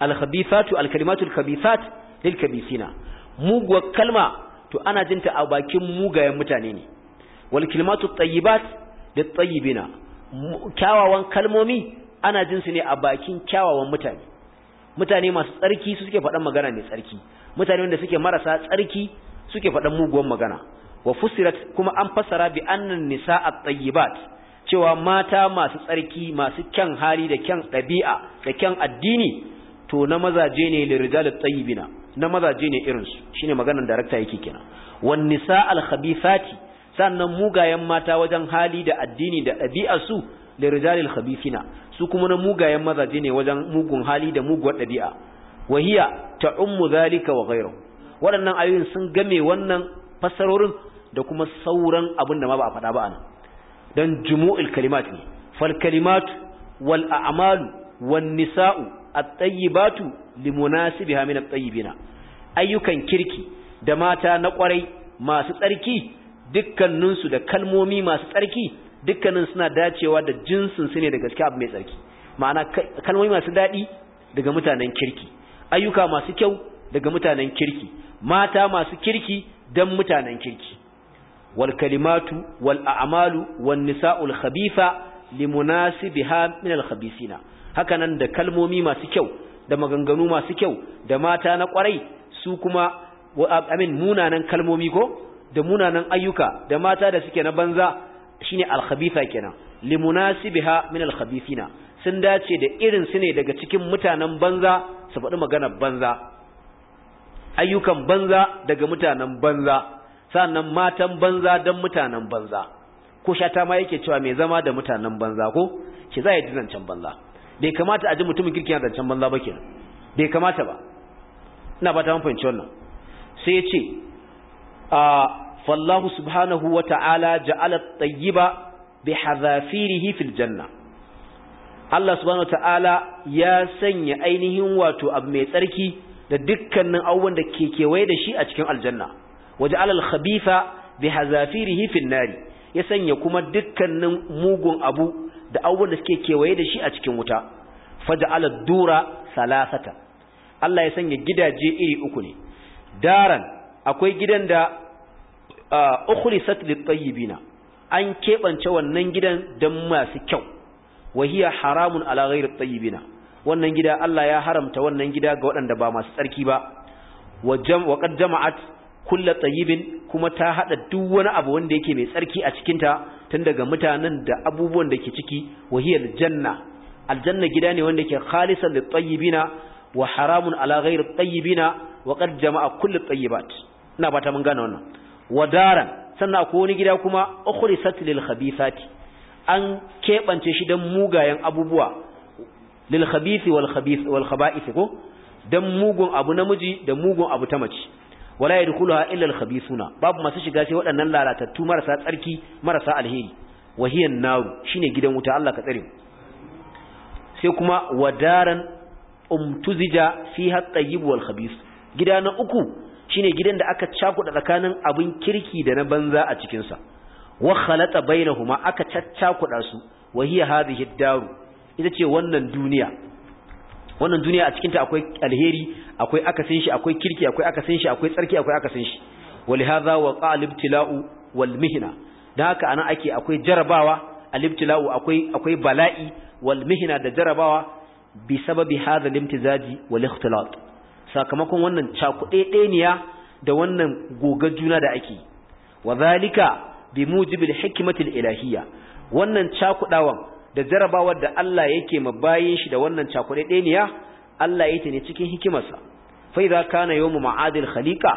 al-khabithatu al-kalimatu al-khabithat lil mugwa kalma to ana jinta a bakin mugayen mutane ne wal kalimatu at-tayyibat lit-tayyibina kyawawan kalmomi ana jin su ne a bakin kyawawan mutane mutane masu tsarki suke faɗan magana mai tsarki mutane wanda suke marasa tsarki suke faɗan muguwan magana wa fusirat kuma an fassara bi annan nisa cewa mata masu tsarki masu kyan hali da kyan ɗabi'a da kyan addini to na mazaje ne tayyibina na mazaje ne irin su shine maganar darakta yake kenan wan nisa al-khabithati sannan mugayen mata wajen hali da addini da ɗabi'a su da al-khabithina su kuma na mugayen mazaje ne wajen mugun hali da muguwar ɗabi'a wahiya ta'ummu zalika wa ghayruhu waɗannan ayoyin sun game wannan fassarorin da kuma sauran abin da ma ba a faɗa ba anan dan jumu'ul kalimat ne fal wal a'malu wan nisa'u at-tayyibatu limunasibiha min at-tayyibina ayyukan kirki da mata na kwarai masu tsarki dukkaninsu da kalmomi masu tsarki dukkanin suna dacewa da jinsin su ne da gaskiya abu mai tsarki ma'ana kalmomi masu daɗi daga mutanen kirki ayyuka masu kyau daga mutanen kirki mata masu kirki don mutanen kirki wal kalimatu wal a'malu wan nisa'ul khabifa limunasibiha min al khabisina haka da kalmomi masu kyau da maganganu masu kyau da mata na kwarai su kuma amin munanan kalmomi ko da munanan ayyuka da mata da suke na banza shine al kenan limunasibiha min al khabithina sun dace da irin su ne daga cikin mutanen banza su faɗi maganar banza ayyukan banza daga mutanen banza sannan matan banza dan mutanen banza ko shata ma yake cewa mai zama da mutanen banza ko ki za a yi zancen banza bai kamata a ji mutumin kirki yana zancen banza ba kenan bai kamata ba ina ba ta fahimci wannan sai ya ce a fallahu subhanahu wa ta'ala ja'ala tayyiba bi hadhafirihi fil janna Allah subhanahu wa ta'ala ya sanya ainihin wato abu mai tsarki da dukkanin abubuwan da ke kewaye da shi a cikin aljanna Waje alal khabifa bi hazafirihi fin nari ya sanya kuma dukkanin mugun abu da abubuwan da suke kewaye da shi a cikin wuta faja'al dura salasata Allah ya sanya gidaje iri uku ne daran akwai gidan da ukhlisat lit-tayyibina an kebance wannan gidan dan masu kyau wahiya haramun ala ghairi tayyibina wannan gida Allah ya haramta wannan gida ga waɗanda ba masu tsarki ba wa qad jama'at kulla tsayibin kuma ta haɗa duk wani abu wanda yake mai tsarki a cikinta tun daga mutanen da abubuwan da ke ciki wahiyar janna aljanna gida ne wanda ke khalisan da tsayibina wa haramun ala ghairi tsayibina wa qad jama'a kullu tsayibat ina ba ta mun gane wannan wadaran sannan akwai wani gida kuma ukhrisat lil khabithati an keɓance shi don mugayen abubuwa lil wal khabith wal khaba'ith ko dan mugun abu namiji da mugun abu ta mace wala yadkhuluha illa al babu masu shiga sai waɗannan lalatattu marasa tsarki marasa alheri wahiyan naru shine gidan wuta Allah ka tsare sai kuma wadaran umtuzija fiha at-tayyib gida na uku shine gidan da aka cakuɗa tsakanin abin kirki da na banza a cikin sa wa khalata bainahuma aka caccakuɗa su wahiya hadhihi daru ita ce wannan duniya wannan duniya a cikinta akwai alheri akwai akasin shi akwai kirki akwai akasin shi akwai tsarki akwai akasin shi walihaza wa qalibtila'u wal mihna dan haka anan ake akwai jarabawa alibtila'u akwai akwai bala'i wal mihna da jarabawa bi sababi hadha limtizaji wal ikhtilat sakamakon wannan cakudedeniya da wannan gogar juna da ake wa zalika bi mujibil hikmatil ilahiyya wannan cakudawan da jarabawar da Allah yake ma bayin shi da wannan cakure ɗeniya Allah ta ne cikin hikimarsa fa idza kana yawmu ma'adil khaliqa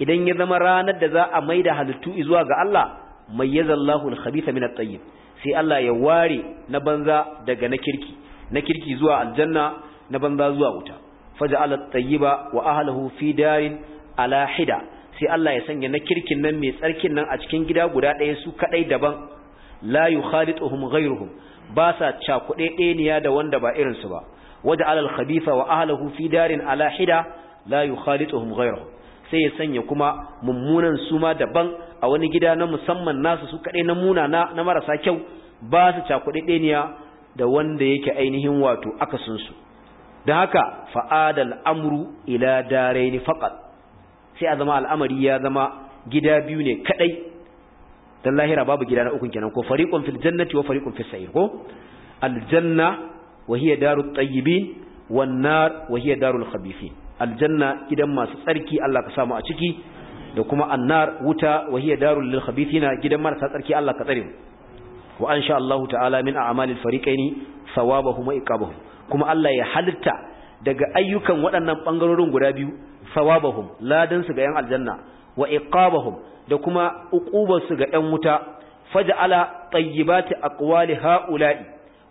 idan ya zama ranar da za a mai da halittu zuwa ga Allah mayyazallahu al-khabitha min at-tayyib sai Allah ya ware na banza daga na kirki na kirki zuwa aljanna na banza zuwa wuta faja'ala at-tayyiba wa ahlihi fi darin ala hida sai Allah ya sanya na kirkin nan mai tsarkin nan a cikin gida guda ɗaya su kadai daban la yukhalituhum ghayruhum ba sa cakuɗe ɗeniya da wanda ba irin su ba waje alal khabitha wa ahlahu fi darin ala hida la yukhalituhum ghayruhum sai ya sanya kuma mummunan suma daban a wani gida na musamman nasu su kaɗai na muna na marasa kyau ba su cakuɗe ɗeniya da wanda yake ainihin wato su don haka fa'adal amru ila daraini faqat sai a zama al'amari ya zama gida biyu ne kaɗai dan lahira babu gida na ukun kenan ko fariqun fil jannati wa fariqun fis sa'ir ko al janna wa hiya darut tayyibin wan nar wa hiya darul khabithin al janna gidan masu tsarki Allah ka samu a ciki da kuma annar wuta wa hiya darul lil khabithina gidan marasa tsarki Allah ka tsare mu wa Allah ta'ala min a'malil fariqaini thawabahum iqabahum kuma Allah ya halitta daga ayyukan waɗannan bangarorin guda biyu thawabahum ladan su ga yan aljanna wa iqabahum da kuma uqubarsu ga ɗan wuta faj'ala tayyibati aqwali ha'ula'i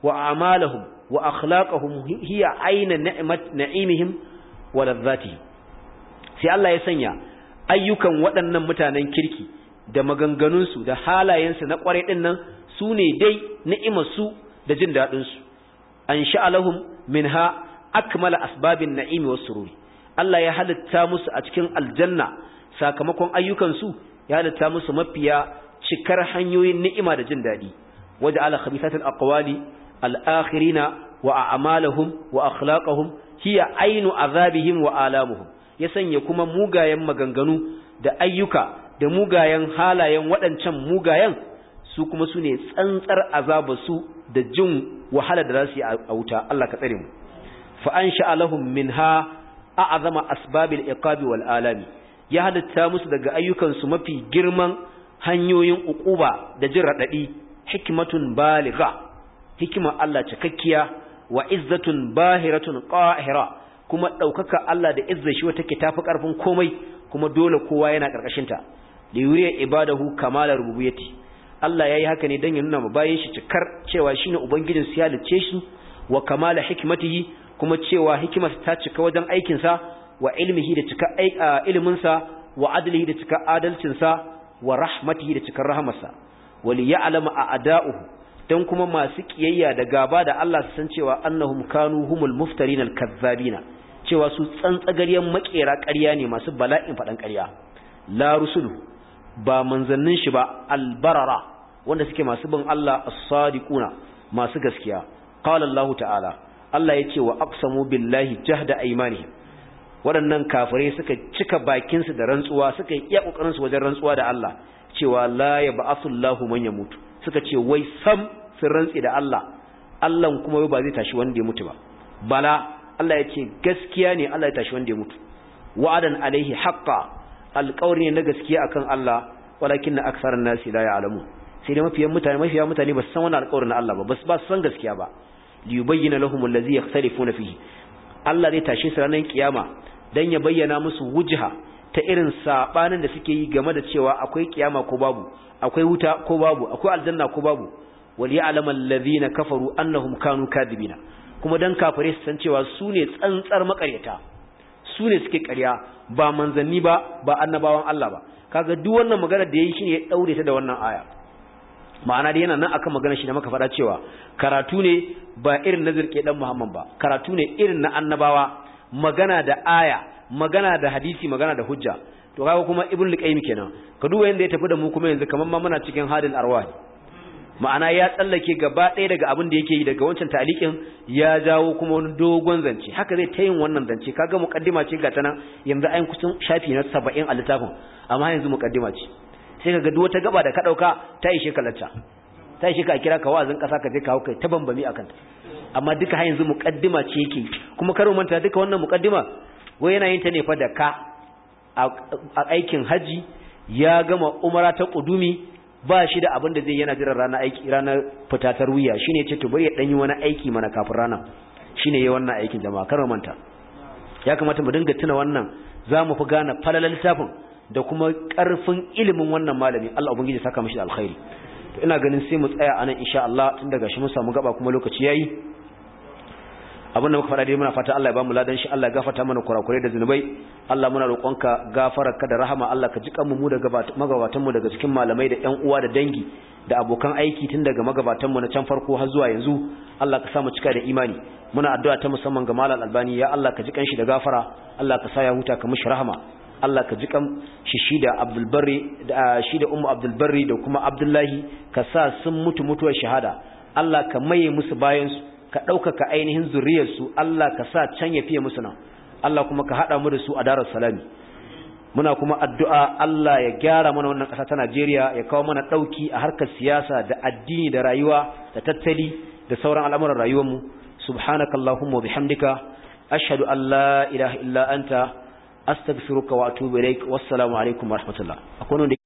wa a'malahum wa akhlaqahum hiya aina ni'mat na'imihim wa ladzatihim sai Allah ya sanya ayyukan waɗannan mutanen kirki da maganganunsu da halayensu na ƙwarai ɗin su ne dai ni'imarsu da jin daɗinsu an sha'alahum minha ha akmala asbabin na'imi wasu ruri Allah ya halitta musu a cikin aljanna sakamakon ayyukansu ya halitta musu mafiya cikar hanyoyin ni'ima da jin daɗi waje ala khabisatul aqwali al-akhirina wa a'malahum wa akhlaqahum hiya ainu azabihim wa alamuhum ya sanya kuma mugayen maganganu da ayyuka da mugayen halayen waɗancan mugayen su kuma su ne tsantsar azabasu da jin wahala da za su yi a wuta Allah ka tsare mu fa an sha'alahum minha a'azama asbabil iqabi wal alami ya halitta musu daga ayyukansu mafi girman hanyoyin uquba da jin radadi hikmatun baligha hikima Allah cikakkiya wa izzatun bahiratun qahira kuma daukaka Allah da izzar shi wata ke tafi karfin komai kuma dole kowa yana karkashin ta da yuriya ibadahu kamalar rububiyyati Allah yayi haka ne dan ya nuna bayan shi cikar cewa shine ubangijin su ya shi wa kamala hikmatihi kuma cewa hikimarsa ta cika wajen aikin sa wa ilmihi da cika iliminsa wa adlihi da cika adalcinsa wa rahmatihi da a rahamarsa wali a'da'uhu dan kuma masu kiyayya da gaba da Allah su san cewa annahum kanu humul muftarin al-kazzabina cewa su tsantsagariyan makera ƙarya ne masu bala'in faɗan ƙarya la rusulu ba manzannin shi ba albarara wanda suke masu bin Allah as-sadiquna masu gaskiya qala Allah ta'ala Allah ya ce wa aqsamu billahi jahda aymanihim waɗannan kafirai suka cika bakinsu da rantsuwa suka yi iya ƙoƙarinsu wajen rantsuwa da Allah cewa la ya ba'athullahu man yamutu suka ce wai sam sun rantsi da Allah Allah kuma ba zai tashi wanda ya mutu ba bala Allah ya ce gaskiya ne Allah ya tashi wanda ya mutu wa'adan alaihi haqqa alƙawari ne na gaskiya akan Allah walakin aktharun nasi la ya'lamu sai dai mafiyan mutane mafiya mutane ba su san wannan alƙawarin na Allah ba ba su san gaskiya ba li yubayyana lahum allazi yakhtalifuna fihi Allah zai tashi su ranar kiyama dan ya bayyana musu wujha ta irin saɓanin da suke yi game da cewa akwai kiyama ko babu akwai wuta ko babu akwai aljanna ko babu wal ya'lamu alladhina kafaru annahum kanu kadibina kuma dan kafare su san cewa su ne tsantsar makaryata su ne suke karya ba manzanni ba ba annabawan Allah ba kaga duk wannan magana da yayi shi ya daure ta da wannan aya ma'ana dai yana nan akan magana shi da muka faɗa cewa karatu ne ba irin na zirke dan Muhammad ba karatu ne irin na annabawa magana da aya magana da hadisi magana da hujja to kaga kuma ibn al-qayyim kenan ka duba yanda ya tafi da mu kuma yanzu kaman ma muna cikin hadil arwah ma'ana ya tsallake gaba ɗaya daga abin da yake yi daga wancan ta'alikin ya jawo kuma wani dogon zance haka zai ta yin wannan zance kaga muqaddima ce ga tana yanzu ayin kusan shafi na 70 a littafin amma yanzu muqaddima ce sai kaga duk wata gaba da ka dauka ta ishe ka ta ishe ka kira ka wa'azin kasa ka je ka hauka ta bambami akan ta amma duka har yanzu muqaddima ce yake kuma karo manta duka wannan muqaddima wai yana yin ta ne fa da ka a aikin haji ya gama umara ta kudumi ba shi da abin da zai yana jira ranar aiki ranar fita ta ruwiya shine ce to bari ya dan yi wani aiki mana kafin rana, shine yayi wannan aikin jama'a karo manta ya kamata mu dinga tuna wannan za mu fi gane falalar littafin da kuma karfin ilimin wannan malami Allah ubangiji saka mishi alkhairi to ina ganin sai mu tsaya anan insha Allah tun daga shi mun samu gaba kuma lokaci yayi abin da muka faɗa dai muna fata Allah ya bamu ladan shi Allah ya gafarta mana kurakurai da zunubai Allah muna roƙonka gafararka da rahama Allah ka jikan mu daga magabatan mu daga cikin malamai da ƴan uwa da dangi da abokan aiki tun daga magabatan mu na can farko har zuwa yanzu Allah ka sa mu cika da imani muna addu'a ta musamman ga Malam Albani ya Allah ka jikan shi da gafara Allah ka sa ya huta ka mishi rahama Allah ka jikan shi shi da Abdul Barri da shi da Ummu Abdul Barri da kuma Abdullahi ka sa sun mutu mutuwar shahada Allah ka maye musu bayan su ka ɗaukaka ainihin zuriyarsu Allah ka sa can ya fiye musu nan Allah kuma ka haɗa mu da su a darar salami muna kuma addu'a Allah ya gyara mana wannan ƙasa ta Najeriya ya kawo mana ɗauki a harkar siyasa da addini da rayuwa da tattali da sauran al'amuran rayuwarmu subhanakallahumma bihamdika ashadu an la ilaha illa anta astaghfiruka wa atubu ilaik wassalamu alaikum warahmatullah